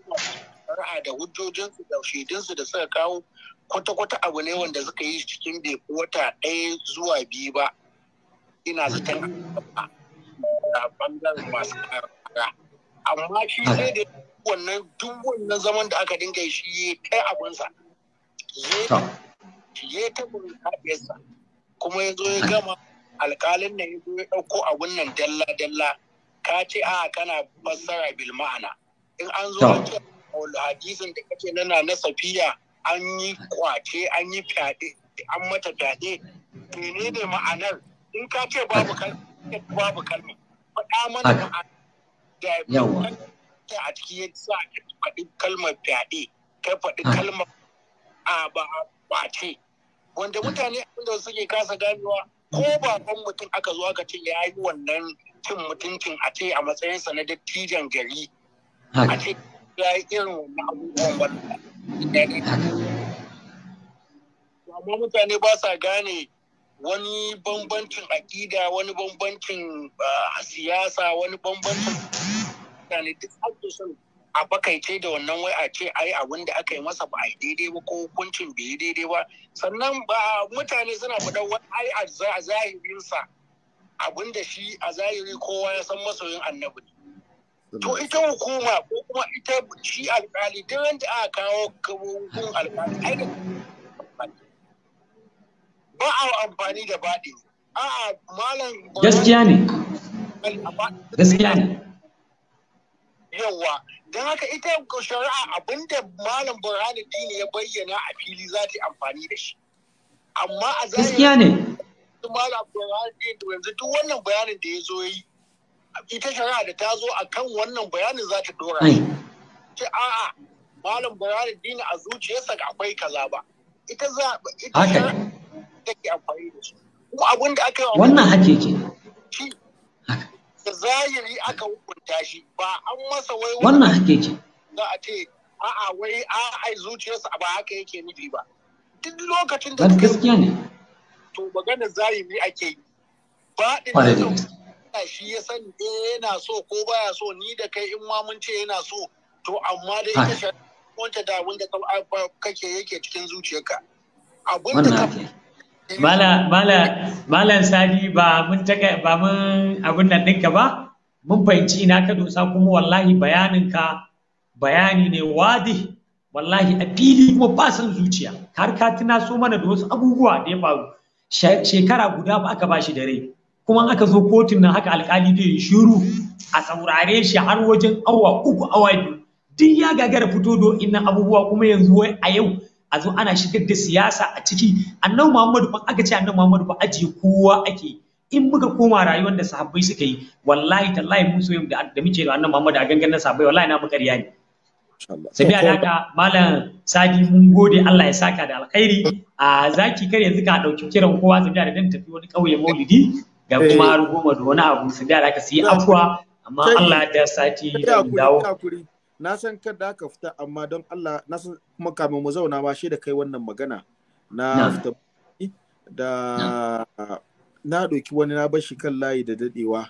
shari'a da hujjojinsu da shaidunsu da suka kawo kwata-kwata abu ne wanda suka yi cikin bai wata ɗaya zuwa biyu ba ina zaton a bangaren masu kara amma shi ah. sai da wannan duk wannan zaman da aka dinga shi kai abinsa ya ta gurin kafiyarsa kuma ya zo ya gama alkalin nan ya zo ya ɗauko a nan dalla-dalla ka ce a kana fassara bil ma'ana in an zo an ce hadisin da kake nana na safiya an yi kwace an yi fyaɗe an mata fyaɗe mene ne ma'anar in ka ce babu kalma babu kalma faɗa mana ma'ana a ciki ya sa faɗi kalmar fyaɗe Ka faɗi kalmar a ba ce wanda mutane abinda suke kasa ganewa ko baban mutum aka zo aka ce ya yi wannan cin mutuncin a ce a matsayinsa na dattijan gari a ce ya yi irin wannan abubuwan wannan amma mutane ba sa gane wani bambancin aƙida wani bambancin ah, siyasa wani bambancin mutane duk sun a bakaice da wannan wai a ce ai abin da aka yi masa ba a daidai ba ko hukuncin bai yi daidai ba sannan ba mutane suna faɗan wani ai a zahirinsa abin da shi a zahiri kowa ya san masoyin annabi to ita hukuma ko kuma ita shi alƙali duk wanda aka kawo hukun alƙali ai da ba a amfani da baɗi a'a malam gaskiya ne gaskiya ne yawa don haka ita shari'a abinda malam burhanu dini ya bayyana a fili za ta amfani da shi amma a gaskiya ne malam burhanu dini yanzu duk wannan bayanin da ya zo yi ita shari'a da ta zo a kan wannan bayanin za ta dora ce a'a malam burhanu dini a zuciyarsa akwai kaza ba ita za ita shari'a take amfani da shi kuma abin da aka wannan hake da zahiri aka hukunta shi ba an masa wai wannan hakiki za a ce a'a wai a'a zuciyarsa ba haka yake nufi ba duk lokacin da gaskiya ne to magana zahiri ake yi ba ɗin shi ya sani eh yana so ko baya so ni da kai in ma mun ce yana so to amma dai ita shari'a wanda da wanda kake yake cikin zuciyarka abin da ka Malam Sadi ba mun taka ba mun abin nan ɗinka ba, mun fahimci ina ka dosa kuma wallahi bayaninka bayani ne wadi wallahi a fili kuma ba son zuciya har ka tuna so mana da wasu abubuwa da ya faru shekara guda ba aka bashi da rai kuma aka zo kotun nan haka alkali da ya shiru a saurare shi har wajen awa uku awa biyu duk ya gagara fito do inna abubuwa kuma yanzu wai a yau a zo ana shigar da siyasa a ciki annabi Muhammadu fa aka ce annabi Muhammadu fa ajiye kowa ake in muka koma rayuwar da sahabbai suka yi wallahi tallahi mun yau da da muke annabi Muhammadu a gangan sahabbai wallahi na muka riya ne sabiya da haka malam sadi mun gode Allah ya saka da alkhairi a zaki kar yanzu ka dauki kiran kowa sabiya da dan tafi wani kauye maulidi ga kuma eh. har goma da wani abu sabiya da haka su afuwa amma Allah ya da sati dawo na san kada aka fita amma don Allah na san kuma kamin mu zauna ba shi da kai wannan magana na fita da na ɗauki wani na bar shi kan layi da dadewa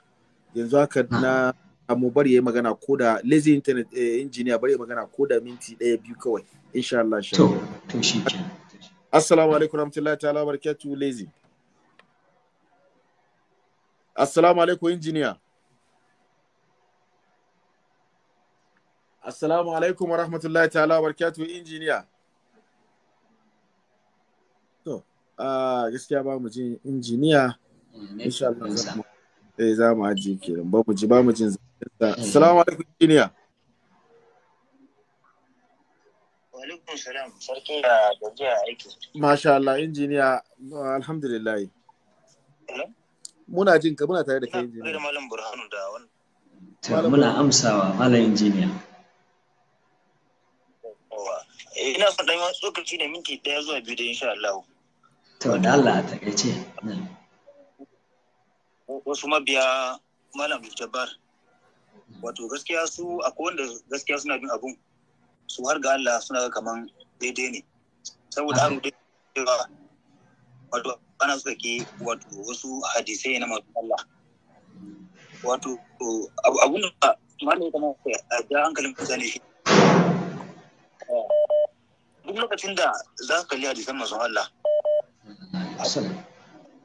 yanzu haka na amu bari ya magana ko da lazy internet eh, engineer bari ya magana ko da minti ɗaya biyu kawai insha Allah shi to to shi assalamu alaikum warahmatullahi ta'ala barakatuh lazy assalamu alaikum engineer Assalamu alaikum wa rahmatullahi ta'ala wa injiniya. To, gaskiya ba mu jin injiniya. Hmm, Insha Allah za mu eh, ke nan, ba mu ji ba mu jin zanta. Assalamu alaikum injiniya. Wa gajiya aiki. Masha Allah injiniya alhamdulillah. Muna jin ka muna tare da kai injiniya. Muna amsawa malam injiniya. Eh, ina son dan wani tsokaci ne minti daya zuwa biyu da insha Allah to da Allah ta kace wasu mabiya malam Jabbar wato gaskiya su akwai wanda gaskiya suna bin abun su har ga Allah suna ga kaman daidai ne saboda an da cewa wato ana suka ke wato wasu hadisai na masu Allah wato abun da malam kamar a ja hankalin ne shi eh. duk lokacin da za ka kalli hadisan manzon Allah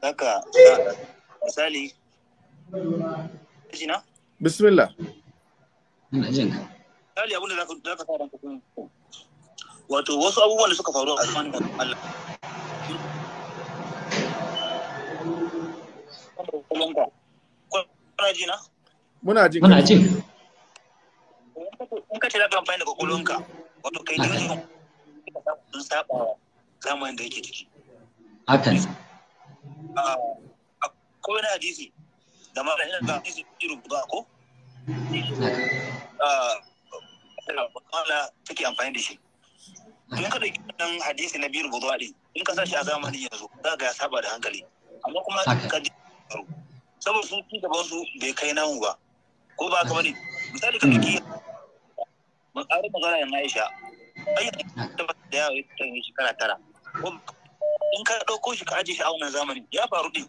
haka misali jina bismillah ina jin misali abinda za ka fara ka wato wasu abubuwan da suka faru a zaman da Allah kuna ji na muna ji muna ji in ka ce za ka amfani da kwakwalwanka wato kai jirgin sun saba zamanin da yake ciki hakan ah, ko yana hadisi da hadisi ko kala ah, take amfani da shi hadisi na biyu rubutu ne in ka a zamanin yanzu za ga ya saba da hankali amma kuma ka ji saboda sun ci su bai kai namu ba ko ba ka bane misali ka mun magana Aisha ai da yawa ya kan shekara tara in ka ɗauko shi ka ajiye shi a wannan zamani ya faru ɗin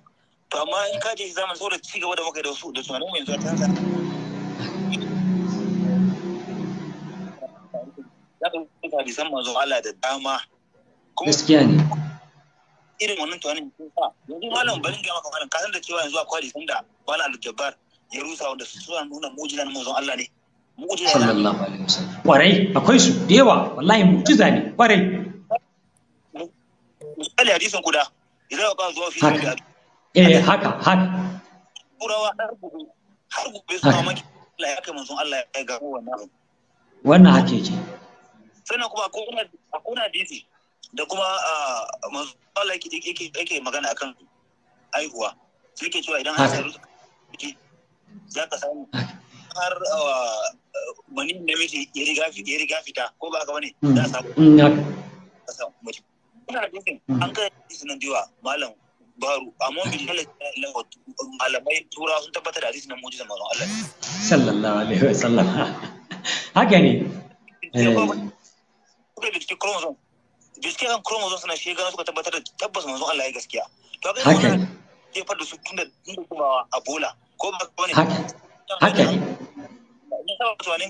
to amma in ka ajiye shi zamani saboda ci gaba da muka da su da tunanin mu yanzu a tansa ya ɗauki hadisan manzon Allah da dama gaskiya ne irin wannan tunanin sun sa yanzu malam barin ga maka malam ka san da cewa yanzu akwai hadisan da wani al-jabbar ya rusa wanda suna nuna mu'jiza na manzon Allah ne sallallahu alaihi wasallam kwarai akwai su da yawa wallahi mu'jiza ne kwarai misali hadisin guda idan ka zuwa fi haka eh haka haka turawa har gobe har gobe su ma maki Allah ya kai manzon Allah ya ga wannan wannan hakiki sannan kuma akwai akwai hadisi da kuma ah, manzon Allah yake yake magana akan aihuwa sai yake cewa idan har za ka samu har ah, mani namiji ya riga fita ko ba ka wani mm. za a samu mm, ya samu mutum kuna nufin an kai hadisi nan diwa malam baru amma bin dalil malamai tura sun tabbatar da hadisi nan mu'jiza manzon Allah sallallahu alaihi wa sallam [LAUGHS] haka ne kuma bincike eh. chromosome bincike kan chromosome suna shiga suka tabbatar da tabbas manzon Allah ya gaskiya to haka ne jefar da su tun da kuma a bola ko ba ka bane haka ne saba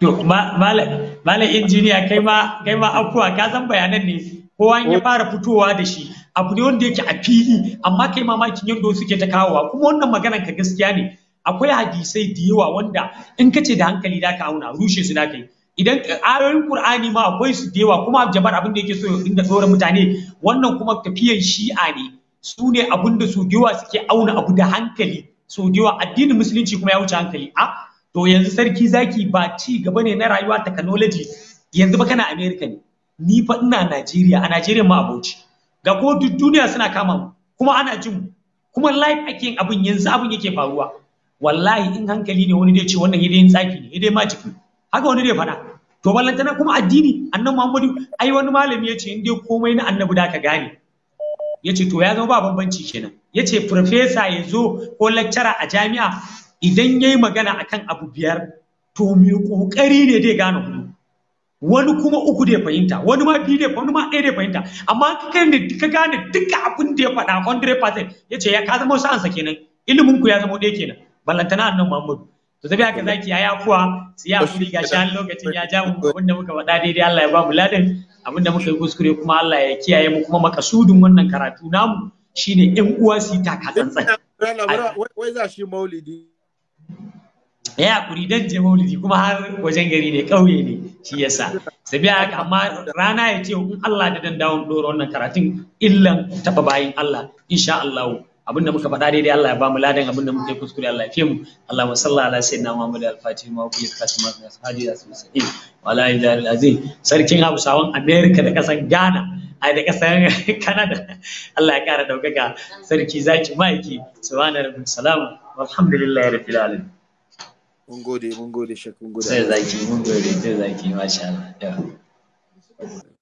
to malam injiniya kai ma afuwa ka san bayanan ne kowa ya fara fitowa da shi abu ne wanda yake a fili amma kai mamakin yadda suke ta kawowa kuma wannan maganan ka gaskiya ne akwai hadisai da yawa wanda in ka ce da hankali da ka auna rushe su da kai idan ayoyin ƙur'ani ma akwai su da yawa kuma jabar abin da yake so ya dinga tsoron mutane wannan kuma tafiyan shi'a ne su ne abin da su da yawa suke auna abu da hankali su diwa addinin musulunci kuma ya wuce hankali a to yanzu sarki zaki ba ci gaba ne na rayuwa technology yanzu ba kana America ne ni fa ina Najeriya a Najeriya ma aboci ga ko duniya suna kama mu kuma ana jin mu kuma life ake yin abin yanzu abin yake faruwa wallahi in hankali ne wani zai ce wannan ya yin tsaki ne ya dai magic ne haka wani zai faɗa to ballantana kuma addini annan Muhammadu ai wani malami ya ce in dai komai na annabi da ka gane ya ce to ya zama ba bambanci kenan ya ce farfesa ya zo ko lecturer a jami'a idan ya yi magana akan abu biyar to mai ƙoƙari ne dai gane hudu wani kuma uku da fahimta wani ma biyu da wani ma ɗaya da fahimta amma ka gane ka gane duka abin da ya faɗa 100% ya ce ya ka zama wasu ansa kenan ilimin ku ya zama ɗaya kenan ballantana annan Muhammadu to zabi haka zaki ya yafuwa su ya fi ga shan lokacin ya ja mu abinda muka faɗa daidai Allah ya ba mu ladan da muka yi kuskure kuma Allah ya kiyaye mu kuma makasudin wannan karatu namu shine ƴan uwa su yi taka tsantsan wai za shi maulidi ya dan je maulidi kuma har wajen gari ne ƙauye ne shi yasa sabi haka amma rana ya ce in Allah da dan dawon dora wannan karatun illan taba bayin Allah insha Allah abinda muka faɗa daidai Allah ya bamu ladan abinda muka yi kuskure Allah ya fiye mu Allahumma salli ala sayyidina Muhammad al-Fatih ma kulli kasma min ashabi rasul sallallahu alaihi wa alihi sarkin Hausawan Amerika da kasan Ghana a da kasar kanada [LAUGHS] Allah ya kara daukaka sarki zaki maiki subhana rabbil salam walhamdulillahi rabbil alamin mun gode mun gode shakun gode sai zaki mun gode sai zaki masha Allah